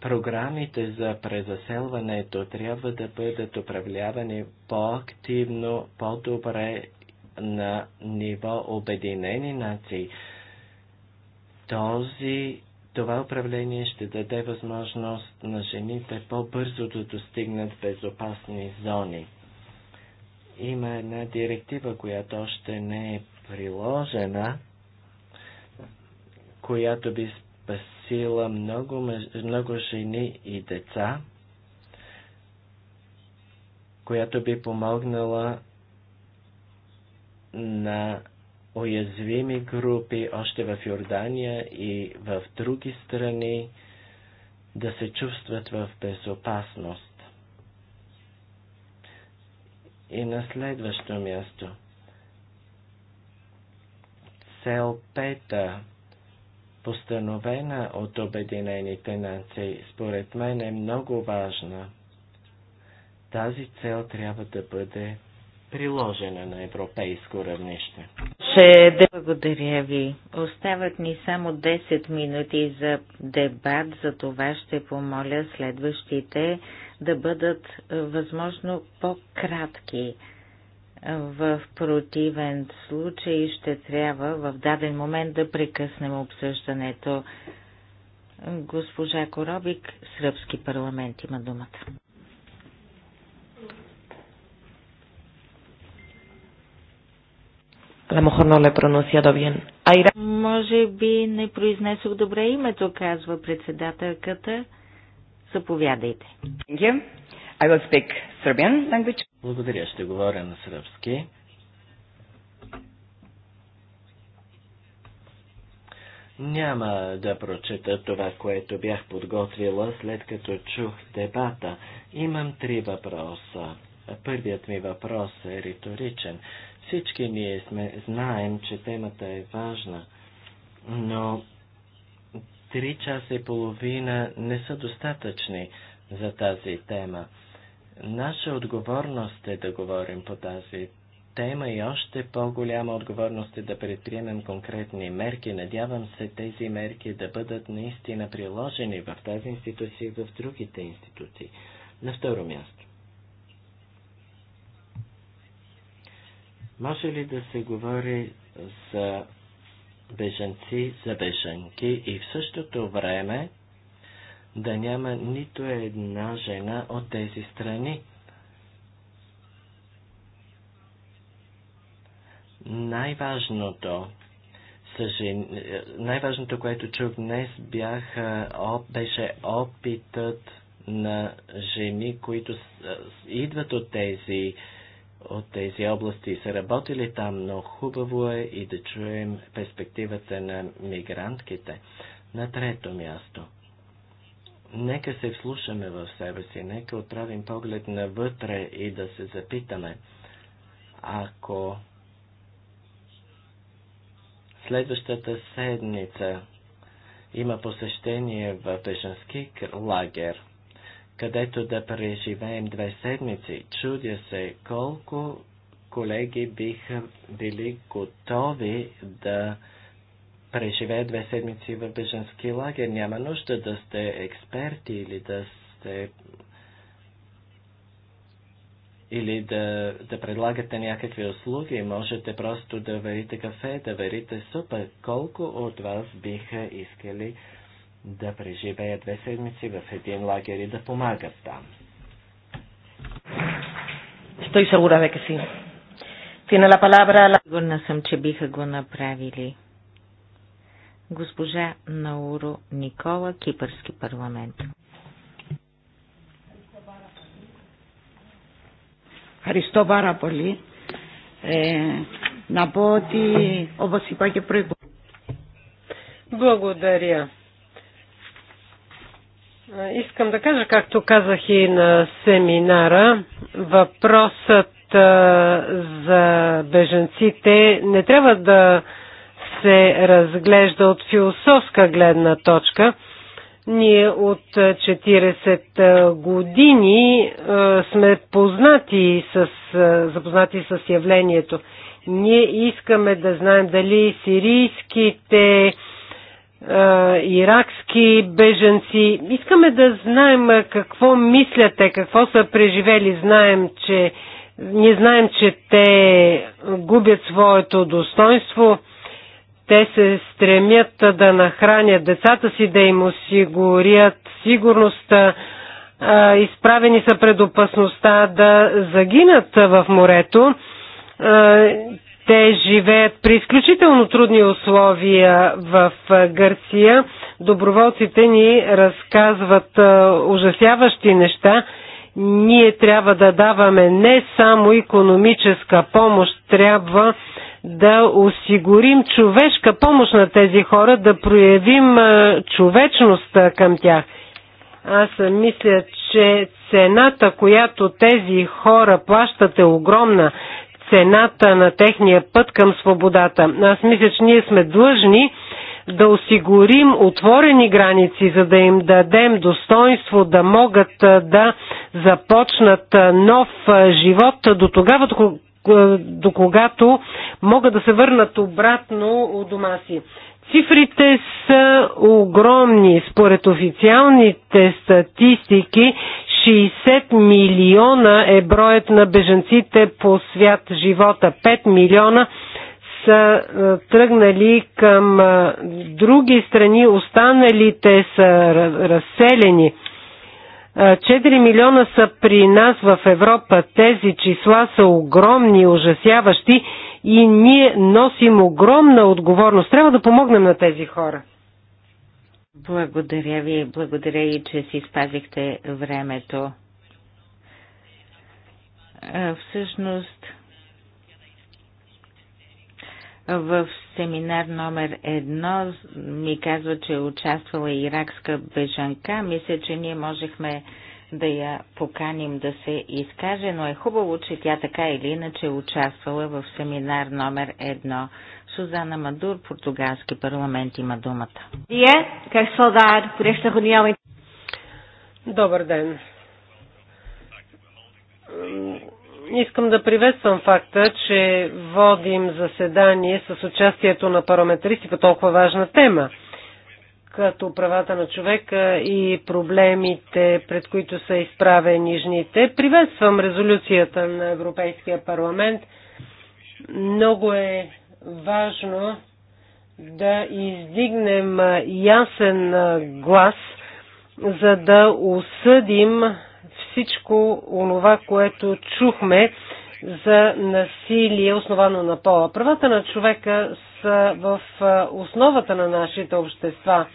Програмите за презаселването трябва да бъдат управлявани по-активно, по-добре на ниво Обединени нации. Този това управление ще даде възможност на жените по-бързо да достигнат безопасни зони. Има една директива, която още не е приложена, която би спасила много, много жени и деца, която би помогнала на уязвими групи още в Йордания и в други страни да се чувстват в безопасност. И на следващо място. Цел пета, постановена от Обединените нации, според мен е много важна. Тази цел трябва да бъде приложена на европейско равнище. Ще благодаря ви. Остават ни само 10 минути за дебат, за това ще помоля следващите да бъдат е, възможно по-кратки. В противен случай ще трябва в даден момент да прекъснем обсъждането. Госпожа Коробик, Сръбски парламент има думата. a lo mejor no lo he pronunciado bien. Aira. Може би не произнесох добре името, казва председателката. Заповядайте. I will speak Serbian language. Благодаря, ще говоря на сръбски. Няма да прочета това, което бях подготвила, след като чух дебата. Имам три въпроса. Първият ми въпрос е риторичен. Всички ние сме, знаем, че темата е важна, но три часа и половина не са достатъчни за тази тема. Наша отговорност е да говорим по тази тема и още по-голяма отговорност е да предприемем конкретни мерки. Надявам се тези мерки да бъдат наистина приложени в тази институция и в другите институции. На второ място. Може ли да се говори за бежанци, за бежанки и в същото време да няма нито една жена от тези страни? Най-важното Най-важното, което чух днес, бяха, беше опитът на жени, които идват от тези от тези области са работили там, но хубаво е и да чуем перспективата на мигрантките. На трето място. Нека се вслушаме в себе си, нека отправим поглед навътре и да се запитаме, ако следващата седмица има посещение в бежански лагер – където да преживеем две седмици. Чудя се колко колеги биха били готови да преживеят две седмици в беженски лагер. Няма нужда да сте експерти или да сте или да, да предлагате някакви услуги, можете просто да варите кафе, да варите супа. Колко от вас биха искали да преживеят две седмици в един лагер и да помагат там. Estoy segura de que sí. Tiene la palabra... Сигурна съм, че биха го направили. Госпожа Науро Никола, Кипърски парламент. Ευχαριστώ πάρα πολύ. Ε, να πω ότι, όπως είπα και Благодаря. Искам да кажа, както казах и на семинара, въпросът за беженците не трябва да се разглежда от философска гледна точка. Ние от 40 години сме познати с, запознати с явлението. Ние искаме да знаем дали сирийските е, иракски беженци. Искаме да знаем е, какво мисляте, какво са преживели. Знаем, че ние знаем, че те губят своето достоинство. Те се стремят да нахранят децата си, да им осигурят сигурността. Е, изправени са пред опасността да загинат в морето те живеят при изключително трудни условия в Гърция. Доброволците ни разказват ужасяващи неща. Ние трябва да даваме не само економическа помощ, трябва да осигурим човешка помощ на тези хора, да проявим човечност към тях. Аз мисля, че цената, която тези хора плащат е огромна цената на техния път към свободата. Аз мисля, че ние сме длъжни да осигурим отворени граници, за да им дадем достоинство да могат да започнат нов живот до тогава, до когато могат да се върнат обратно у дома си. Цифрите са огромни. Според официалните статистики 60 милиона е броят на бежанците по свят живота. 5 милиона са е, тръгнали към е, други страни, останалите са разселени. 4 е, милиона са при нас в Европа. Тези числа са огромни, ужасяващи и ние носим огромна отговорност. Трябва да помогнем на тези хора. Благодаря ви, благодаря и, че си спазихте времето. Всъщност, в семинар номер едно ми казва, че е участвала иракска бежанка. Мисля, че ние можехме да я поканим да се изкаже, но е хубаво, че тя така или иначе е участвала в семинар номер едно. Сузана Мадур, португалски парламент има думата. Е, Добър ден. Искам да приветствам факта, че водим заседание с участието на парламентаристи по толкова важна тема, като правата на човека и проблемите, пред които са изправени жните. Приветствам резолюцията на Европейския парламент. Много е важно да издигнем ясен глас, за да осъдим всичко онова, което чухме за насилие, основано на пола. Правата на човека са в основата на нашите общества.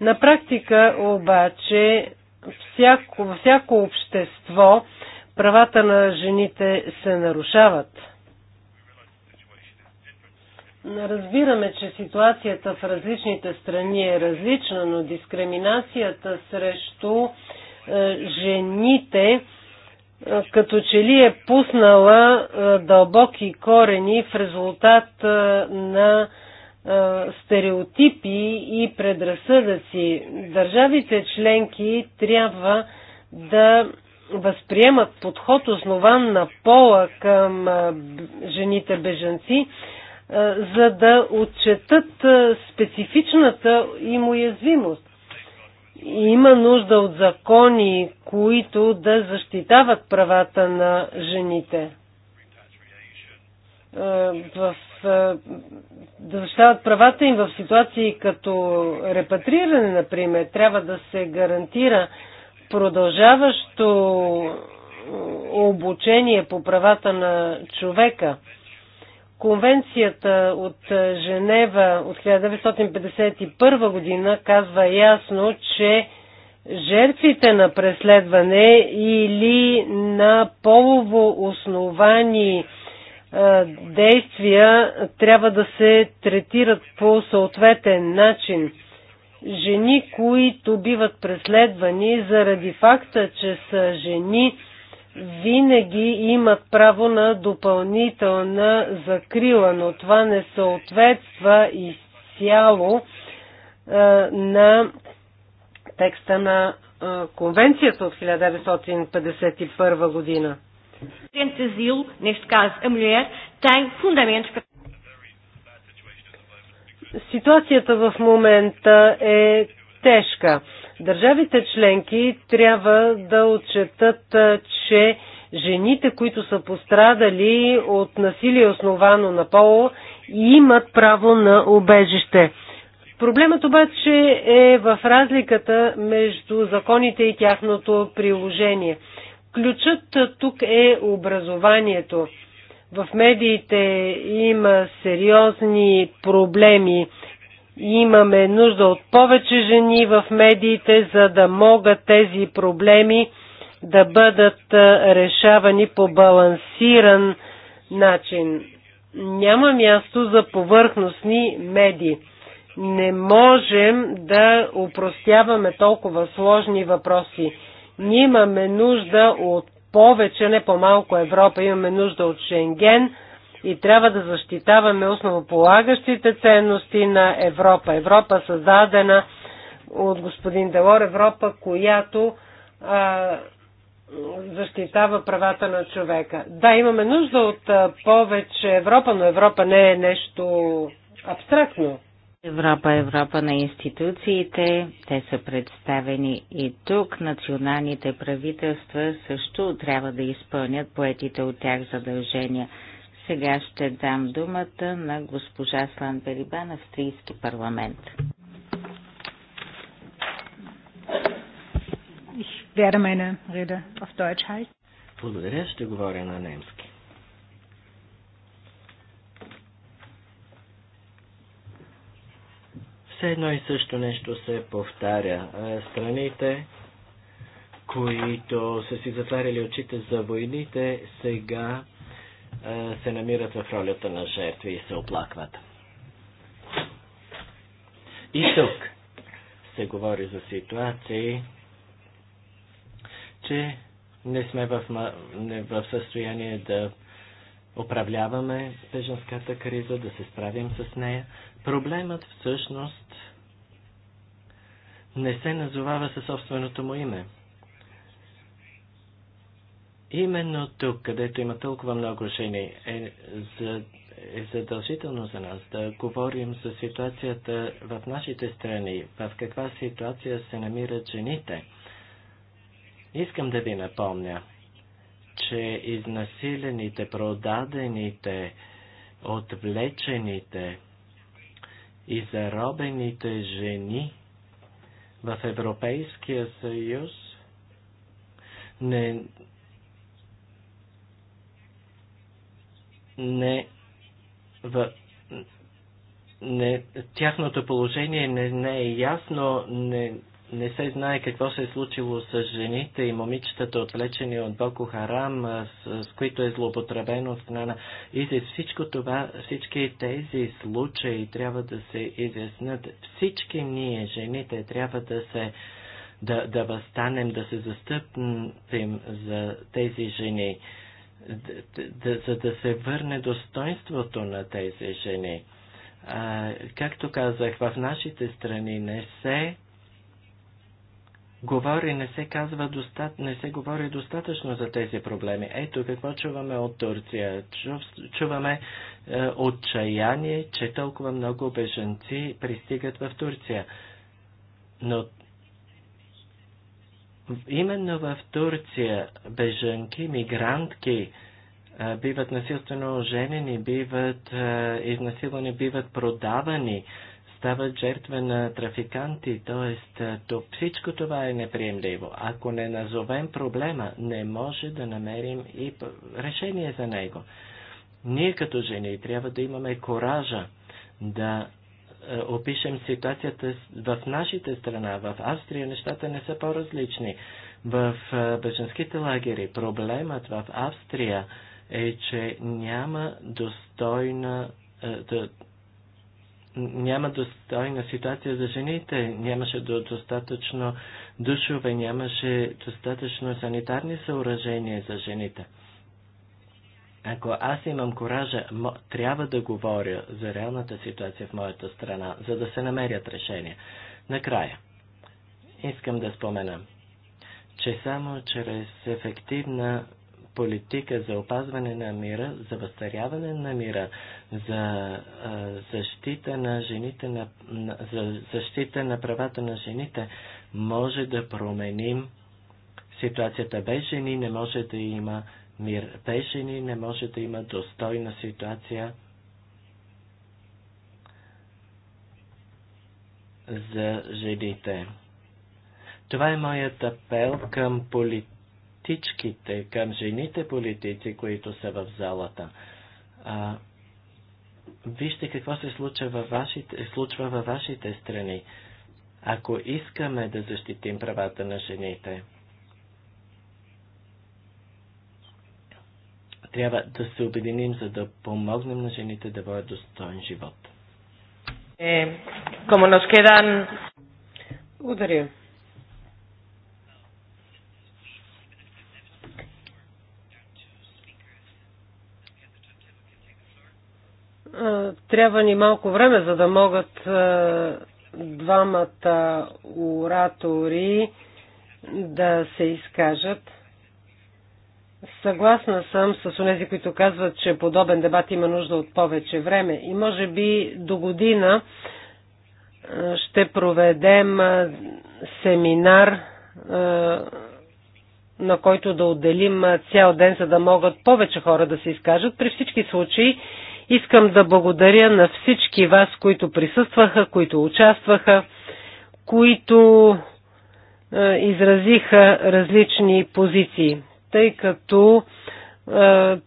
На практика обаче всяко, всяко общество правата на жените се нарушават. Разбираме, че ситуацията в различните страни е различна, но дискриминацията срещу е, жените е, като че ли е пуснала е, дълбоки корени в резултат на стереотипи и предразсъдъци. Държавите членки трябва да възприемат подход основан на пола към жените бежанци, е, за да отчетат е, специфичната им уязвимост. Има нужда от закони, които да защитават правата на жените. Е, в, да защитават правата им в ситуации като репатриране, например. Трябва да се гарантира продължаващо обучение по правата на човека – Конвенцията от е, Женева от 1951 година казва ясно, че жертвите на преследване или на полово основани е, действия трябва да се третират по съответен начин. Жени, които биват преследвани заради факта, че са жени, винаги имат право на допълнителна закрила, но това не съответства изцяло е, на текста на е, конвенцията от 1951 година. Е Ситуацията в момента е тежка. Държавите членки трябва да отчетат, че жените, които са пострадали от насилие основано на поло, имат право на убежище. Проблемът обаче е в разликата между законите и тяхното приложение. Ключът тук е образованието. В медиите има сериозни проблеми Имаме нужда от повече жени в медиите, за да могат тези проблеми да бъдат решавани по балансиран начин. Няма място за повърхностни медии. Не можем да упростяваме толкова сложни въпроси. Ние имаме нужда от повече, не по-малко Европа. Имаме нужда от Шенген, и трябва да защитаваме основополагащите ценности на Европа. Европа създадена от господин Делор, Европа, която а, защитава правата на човека. Да, имаме нужда от а, повече Европа, но Европа не е нещо абстрактно. Европа, Европа на институциите, те са представени и тук. Националните правителства също трябва да изпълнят поетите от тях задължения. Сега ще дам думата на госпожа Слан Берибан, австрийски парламент. Ich werde meine Rede auf Deutsch halten. Благодаря, ще говоря на немски. Все едно и също нещо се повтаря. Страните, които са си затваряли очите за войните, сега е, се намират в ролята на жертви и се оплакват. И тук се говори за ситуации, че не сме в, не в състояние да управляваме беженската криза, да се справим с нея. Проблемът всъщност не се назовава със собственото му име. Именно тук, където има толкова много жени, е, за, е задължително за нас да говорим за ситуацията в нашите страни, в каква ситуация се намират жените. Искам да ви напомня, че изнасилените, продадените, отвлечените и заробените жени в Европейския съюз не не, в, не, тяхното положение не, не е ясно, не, не се знае какво се е случило с жените и момичетата, отвлечени от Боко Харам, с, с които е злоупотребено от страна. И за всичко това, всички тези случаи трябва да се изяснат. Всички ние, жените, трябва да се да, да възстанем, да се застъпим за тези жени да, за да се върне достоинството на тези жени. А, както казах, в нашите страни не се говори, не се казва достат, не се говори достатъчно за тези проблеми. Ето какво чуваме от Турция. чуваме е, отчаяние, че толкова много беженци пристигат в Турция. Но Именно в Турция беженки, мигрантки биват насилствено оженени, биват изнасилвани, биват продавани, стават жертва на трафиканти, т.е. То всичко това е неприемливо. Ако не назовем проблема, не може да намерим и решение за него. Ние като жени трябва да имаме коража да е, опишем ситуацията в нашите страна. В Австрия нещата не са по-различни. В е, беженските лагери проблемът в Австрия е, че няма достойна е, няма достойна ситуация за жените, нямаше достатъчно душове, нямаше достатъчно санитарни съоръжения за жените. Ако аз имам коража, трябва да говоря за реалната ситуация в моята страна, за да се намерят решения. Накрая, искам да спомена, че само чрез ефективна политика за опазване на мира, за възстаряване на мира, за защита на жените, на, за защита на правата на жените, може да променим ситуацията без жени, не може да има мир жени не може да има достойна ситуация за жените. Това е моят апел към политичките, към жените политици, които са в залата. А, вижте какво се случва във вашите, случва във вашите страни. Ако искаме да защитим правата на жените, Трябва да се обединим, за да помогнем на жените да бъдат достоен живот. Е, como nos quedan... Благодаря. трябва ни малко време, за да могат двамата оратори да се изкажат. Съгласна съм с тези, които казват, че подобен дебат има нужда от повече време. И може би до година ще проведем семинар, на който да отделим цял ден, за да могат повече хора да се изкажат. При всички случаи искам да благодаря на всички вас, които присъстваха, които участваха, които изразиха различни позиции тъй като е,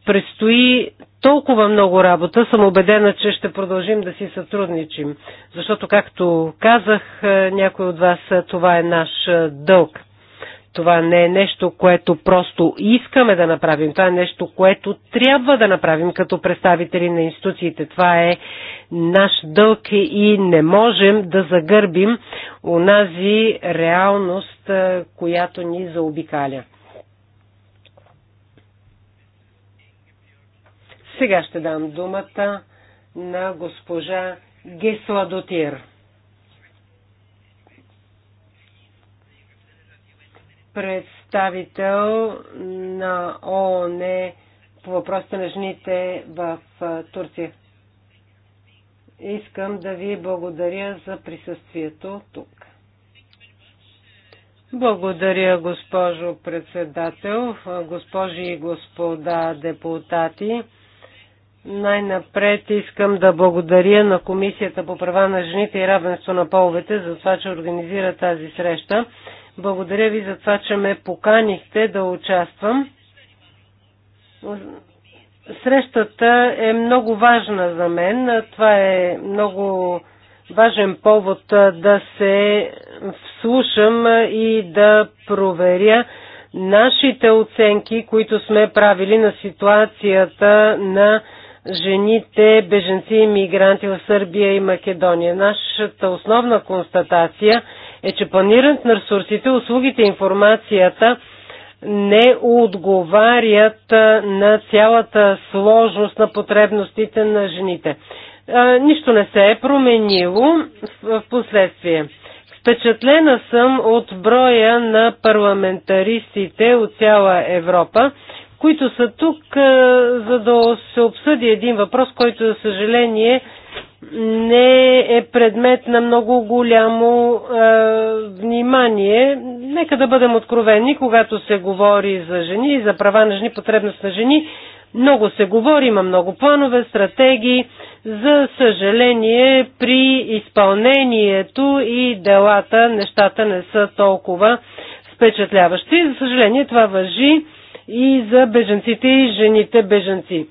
предстои толкова много работа, съм убедена, че ще продължим да си сътрудничим. Защото, както казах е, някой от вас, е, това е наш дълг. Това не е нещо, което просто искаме да направим. Това е нещо, което трябва да направим като представители на институциите. Това е наш дълг и не можем да загърбим унази реалност, която ни заобикаля. Сега ще дам думата на госпожа Гесла Дотир. Представител на ООН по въпросите на жените в Турция. Искам да ви благодаря за присъствието тук. Благодаря, госпожо председател, госпожи и господа депутати. Най-напред искам да благодаря на Комисията по права на жените и равенство на половете за това, че организира тази среща. Благодаря ви за това, че ме поканихте да участвам. Срещата е много важна за мен. Това е много важен повод да се вслушам и да проверя нашите оценки, които сме правили на ситуацията на жените, беженци и мигранти в Сърбия и Македония. Нашата основна констатация е, че планирането на ресурсите, услугите и информацията не отговарят на цялата сложност на потребностите на жените. Нищо не се е променило в последствие. Впечатлена съм от броя на парламентаристите от цяла Европа, които са тук, е, за да се обсъди един въпрос, който, за съжаление, не е предмет на много голямо е, внимание. Нека да бъдем откровени, когато се говори за жени за права на жени, потребност на жени, много се говори, има много планове, стратегии. За съжаление, при изпълнението и делата нещата не са толкова впечатляващи. За съжаление, това въжи и за беженците и жените беженци.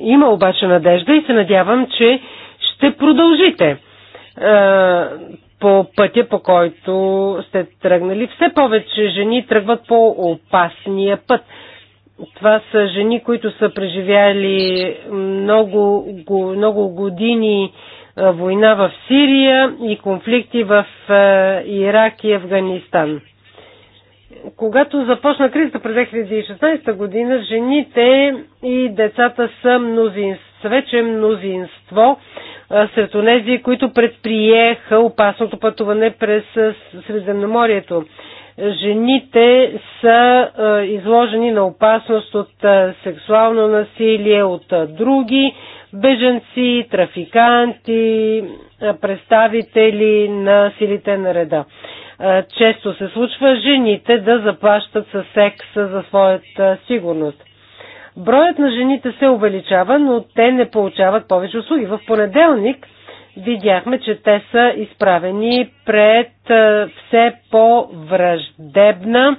Има обаче надежда и се надявам, че ще продължите по пътя, по който сте тръгнали. Все повече жени тръгват по опасния път. Това са жени, които са преживяли много, много години война в Сирия и конфликти в Ирак и Афганистан. Когато започна кризата през 2016 година, жените и децата са мнозинство, вече мнозинство сред онези, които предприеха опасното пътуване през Средиземноморието. Жените са изложени на опасност от сексуално насилие, от други беженци, трафиканти, представители на силите на реда. Е, често се случва жените да заплащат със секс за своята сигурност. Броят на жените се увеличава, но те не получават повече услуги. В понеделник видяхме, че те са изправени пред е, все по-враждебна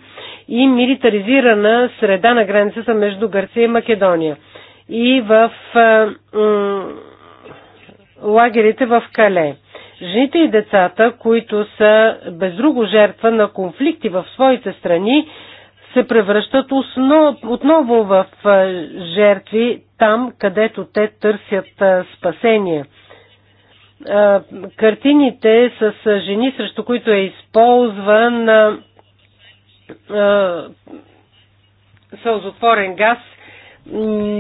и милитаризирана среда на границата между Гърция и Македония. И в е, лагерите в Кале. Жените и децата, които са без друго жертва на конфликти в своите страни, се превръщат отново в е, жертви там, където те търсят е, спасение. Е, картините с жени, срещу които е използван сълзотворен газ –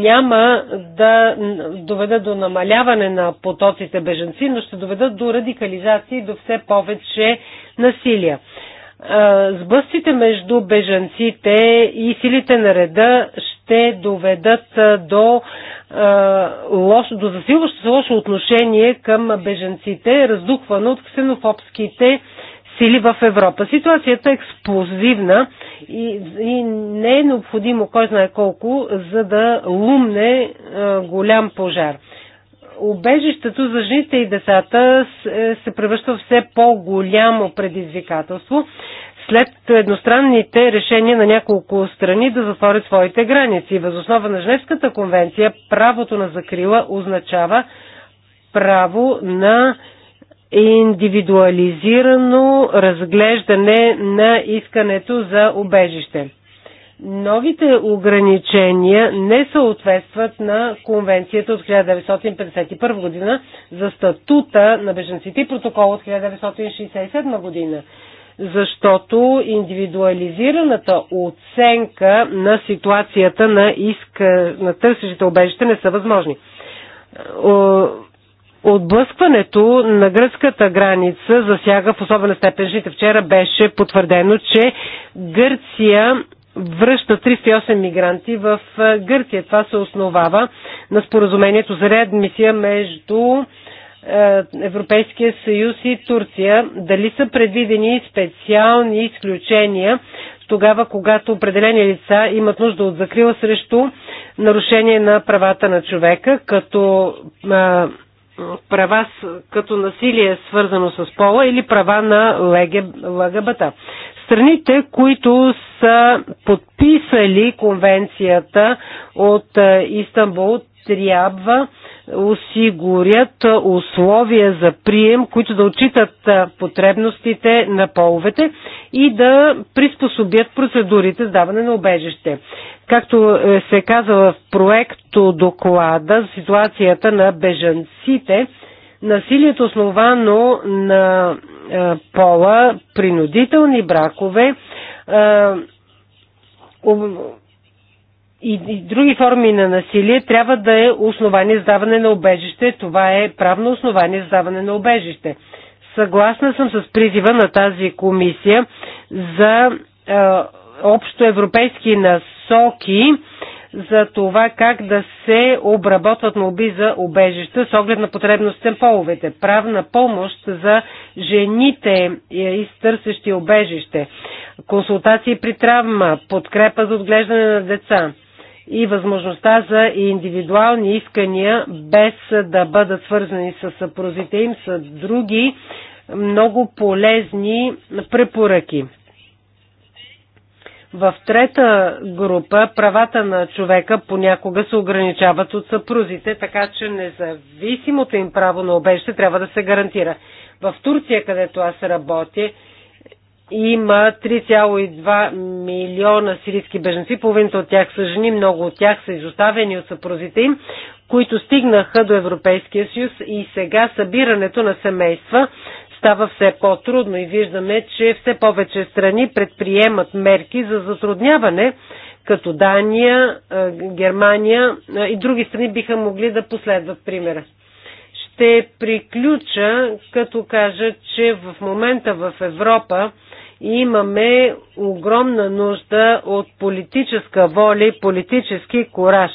няма да доведат до намаляване на потоците беженци, но ще доведат до радикализация и до все повече насилия. Сблъсците между беженците и силите на реда ще доведат до, лошо, до засилващо се лошо отношение към беженците, раздухвано от ксенофобските сили в Европа. Ситуацията е експлозивна и, и не е необходимо кой знае колко, за да лумне е, голям пожар. Обежището за жените и децата е, се превръща все по-голямо предизвикателство след едностранните решения на няколко страни да затворят своите граници. Възоснова на Женевската конвенция правото на закрила означава право на индивидуализирано разглеждане на искането за убежище. Новите ограничения не съответстват на Конвенцията от 1951 година за статута на беженците и протокол от 1967 година, защото индивидуализираната оценка на ситуацията на иска, на търсещите убежище не са възможни Отблъскването на гръцката граница засяга в особена степен жите. Вчера беше потвърдено, че Гърция връща 308 мигранти в е, Гърция. Това се основава на споразумението за реадмисия между е, Европейския съюз и Турция. Дали са предвидени специални изключения тогава, когато определени лица имат нужда от закрила срещу нарушение на правата на човека, като е, права като насилие свързано с пола или права на ЛГБТ. Страните, които са подписали конвенцията от е, Истанбул, трябва осигурят условия за прием, които да отчитат потребностите на половете и да приспособят процедурите за даване на обежище. Както е, се казва в проекто доклада за ситуацията на бежанците, насилието основано на е, пола, принудителни бракове, е, и, и други форми на насилие трябва да е основание за даване на обежище. Това е правно основание за даване на обежище. Съгласна съм с призива на тази комисия за е, европейски насоки за това как да се обработват молби за обежище с оглед на потребностите на половете. Правна помощ за жените е, изтърсещи обежище. Консултации при травма. Подкрепа за отглеждане на деца и възможността за индивидуални искания, без да бъдат свързани с съпрузите им, са други много полезни препоръки. В трета група правата на човека понякога се ограничават от съпрузите, така че независимото им право на обежище трябва да се гарантира. В Турция, където аз работя, има 3,2 милиона сирийски беженци. Половината от тях са жени, много от тях са изоставени от съпрузите им, които стигнаха до Европейския съюз и сега събирането на семейства става все по-трудно и виждаме, че все повече страни предприемат мерки за затрудняване, като Дания, Германия и други страни биха могли да последват примера ще приключа, като кажа, че в момента в Европа Имаме огромна нужда от политическа воля и политически кораж.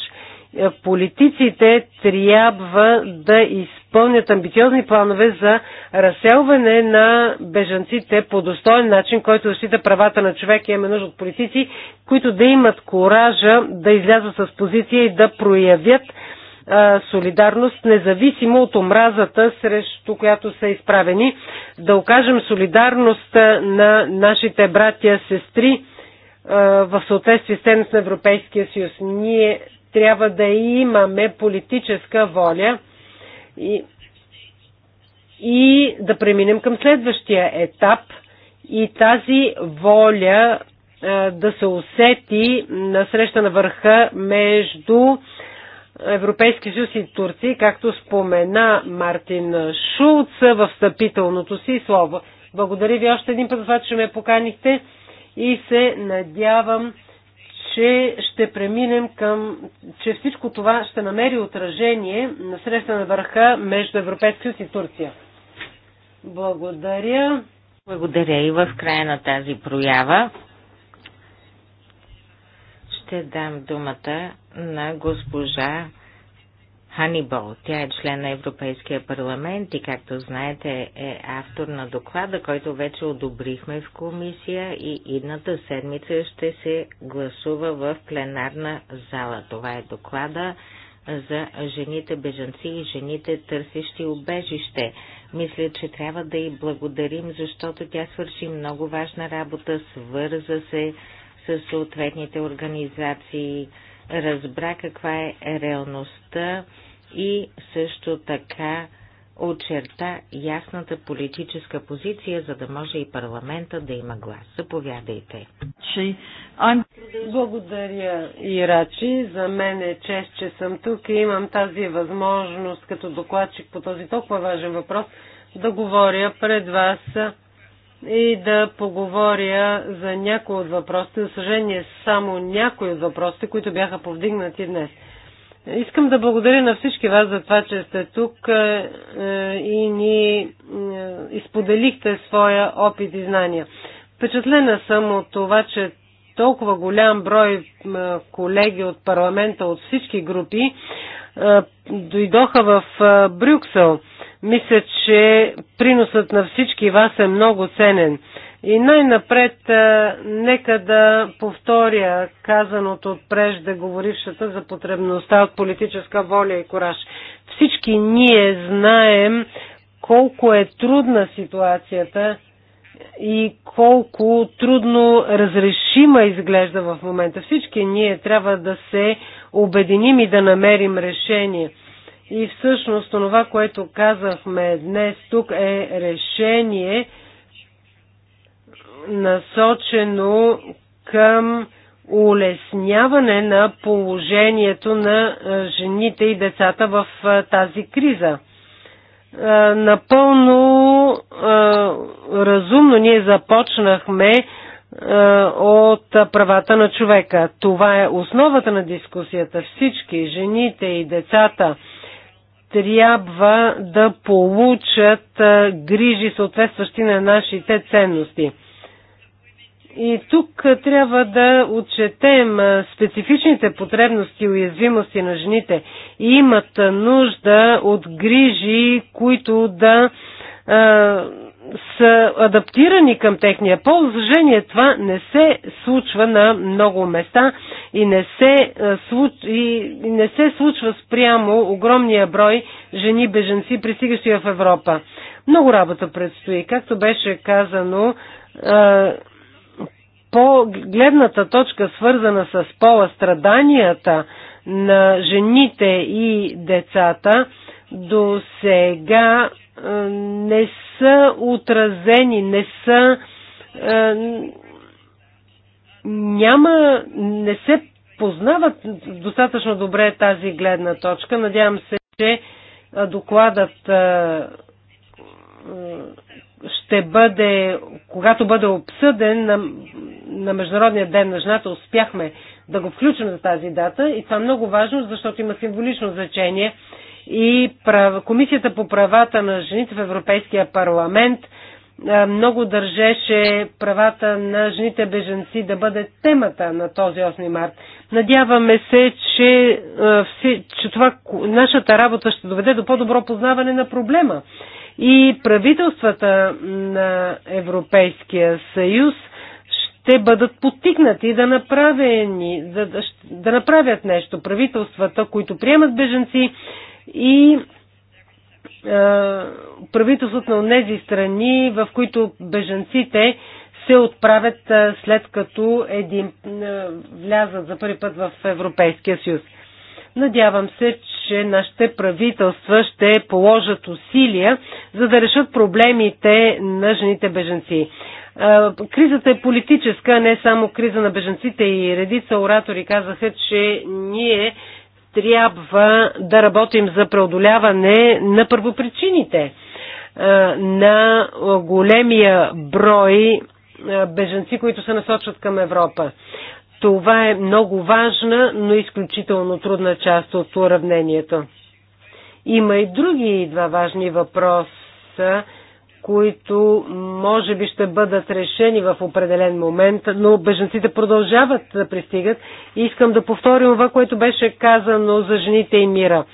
Политиците трябва да изпълнят амбициозни планове за разселване на бежанците по достоен начин, който защита правата на и Имаме нужда от политици, които да имат коража да излязат с позиция и да проявят солидарност, независимо от омразата, срещу която са изправени. Да окажем солидарност на нашите братя и сестри в съответствие с тенс на Европейския съюз. Ние трябва да имаме политическа воля и, и да преминем към следващия етап и тази воля да се усети на среща на върха между Европейски съюз и Турция, както спомена Мартин Шулц в встъпителното си слово. Благодаря ви още един път за това, че ме поканихте и се надявам, че ще преминем към, че всичко това ще намери отражение на среща на върха между Европейския съюз и Турция. Благодаря. Благодаря и в края на тази проява ще дам думата на госпожа Ханибол. Тя е член на Европейския парламент и, както знаете, е автор на доклада, който вече одобрихме в комисия и идната седмица ще се гласува в пленарна зала. Това е доклада за жените бежанци и жените търсещи убежище. Мисля, че трябва да й благодарим, защото тя свърши много важна работа, свърза се с съответните организации, разбра каква е реалността и също така очерта ясната политическа позиция, за да може и парламента да има глас. Заповядайте. Благодаря, Ирачи. За мен е чест, че съм тук и имам тази възможност като докладчик по този толкова важен въпрос да говоря пред вас и да поговоря за някои от въпросите. За съжаление, само някои от въпросите, които бяха повдигнати днес. Искам да благодаря на всички вас за това, че сте тук е, е, и ни е, изподелихте своя опит и знания. Впечатлена съм от това, че толкова голям брой колеги от парламента, от всички групи, дойдоха в Брюксел – мисля, че приносът на всички вас е много ценен. И най-напред, нека да повторя казаното от преждеговорившата за потребността от политическа воля и кораж. Всички ние знаем колко е трудна ситуацията и колко трудно разрешима изглежда в момента. Всички ние трябва да се обединим и да намерим решение – и всъщност това, което казахме днес тук е решение насочено към улесняване на положението на жените и децата в тази криза. Напълно разумно ние започнахме от правата на човека. Това е основата на дискусията. Всички, жените и децата, трябва да получат грижи, съответстващи на нашите ценности. И тук трябва да отчетем специфичните потребности и уязвимости на жените. И имат нужда от грижи, които да а, са адаптирани към техния пол. За това не се случва на много места и не се, и не се случва спрямо огромния брой жени беженци, пристигащи в Европа. Много работа предстои. Както беше казано, по гледната точка, свързана с пола, страданията на жените и децата, до сега не са отразени, не са няма, не се познават достатъчно добре тази гледна точка. Надявам се, че докладът ще бъде, когато бъде обсъден на, на Международния ден на жената, успяхме да го включим за тази дата и това е много важно, защото има символично значение и прав... Комисията по правата на жените в Европейския парламент е, много държеше правата на жените беженци да бъде темата на този 8 март. Надяваме се, че, е, че това, нашата работа ще доведе до по-добро познаване на проблема. И правителствата на Европейския съюз ще бъдат потикнати да, направени, да, да направят нещо. Правителствата, които приемат беженци и е, правителството на тези страни, в които бежанците се отправят е, след като един е, влязат за първи път в Европейския съюз. Надявам се, че нашите правителства ще положат усилия, за да решат проблемите на жените беженци. Кризата е политическа, не само криза на беженците и редица оратори казаха, че ние трябва да работим за преодоляване на първопричините е, на големия брой е, беженци, които се насочват към Европа. Това е много важна, но изключително трудна част от уравнението. Има и други два важни въпроса, които може би ще бъдат решени в определен момент, но беженците продължават да пристигат. И искам да повторим това, което беше казано за жените и мира.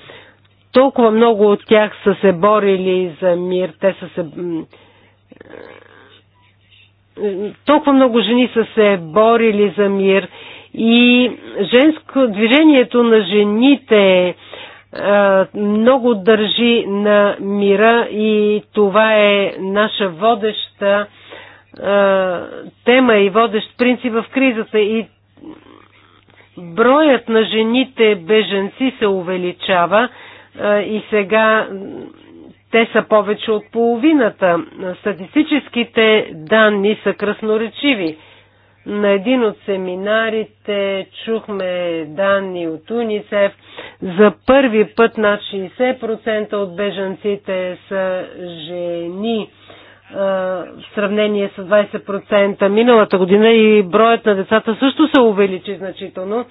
Толкова много от тях са се борили за мир, те са се... Толкова много жени са се борили за мир и женско движението на жените е, много държи на мира и това е наша водеща е, тема и водещ принцип в кризата и броят на жените беженци се увеличава е, и сега те са повече от половината. Статистическите данни са красноречиви. На един от семинарите чухме данни от УНИСЕФ. За първи път над 60% от бежанците са жени в сравнение с 20% миналата година и броят на децата също се увеличи значително.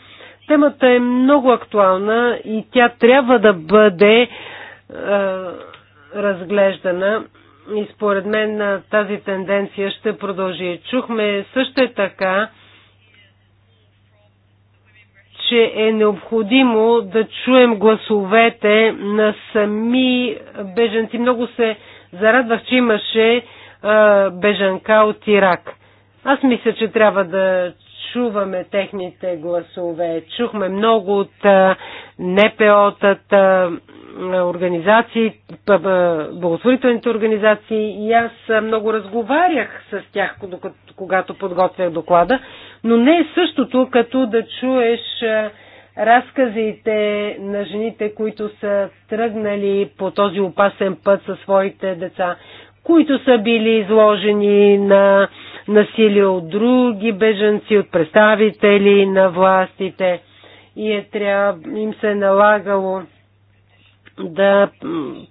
Темата е много актуална и тя трябва да бъде разглеждана. И според мен тази тенденция ще продължи. Чухме също е така, че е необходимо да чуем гласовете на сами беженци. Много се зарадвах, че имаше а, беженка от Ирак. Аз мисля, че трябва да чуваме техните гласове. Чухме много от НПО-тата, организации, благотворителните организации и аз много разговарях с тях, когато подготвях доклада, но не е същото като да чуеш разказите на жените, които са тръгнали по този опасен път със своите деца, които са били изложени на насилие от други беженци, от представители на властите и е, трябва, им се е налагало да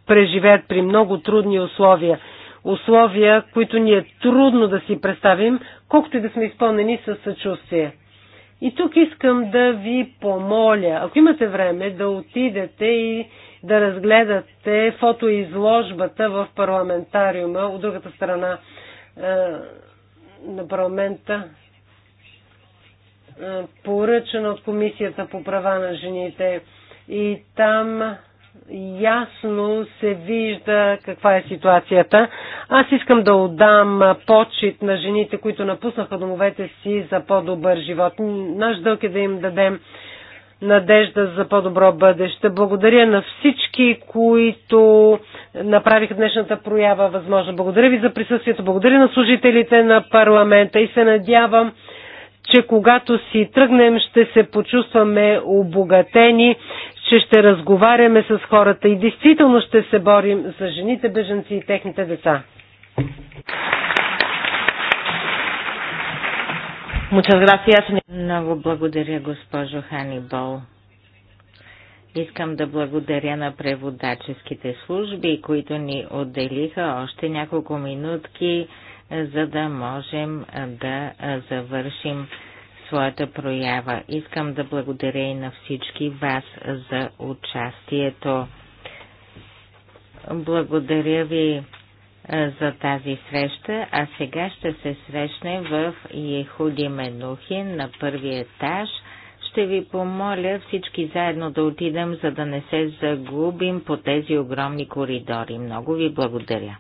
преживеят при много трудни условия. Условия, които ни е трудно да си представим, колкото и да сме изпълнени със съчувствие. И тук искам да ви помоля, ако имате време, да отидете и да разгледате фотоизложбата в парламентариума от другата страна е, на парламента, е, поръчена от Комисията по права на жените. И там ясно се вижда каква е ситуацията. Аз искам да отдам почет на жените, които напуснаха домовете си за по-добър живот. Наш дълг е да им дадем надежда за по-добро бъдеще. Благодаря на всички, които направиха днешната проява възможно. Благодаря ви за присъствието, благодаря на служителите на парламента и се надявам, че когато си тръгнем, ще се почувстваме обогатени, че ще разговаряме с хората и действително ще се борим за жените беженци и техните деца. Много благодаря, госпожо Ханибол. Искам да благодаря на преводаческите служби, които ни отделиха още няколко минутки, за да можем да завършим своята проява. Искам да благодаря и на всички вас за участието. Благодаря ви за тази среща, а сега ще се срещнем в Ехуди Менухин на първи етаж. Ще ви помоля всички заедно да отидем, за да не се загубим по тези огромни коридори. Много ви благодаря.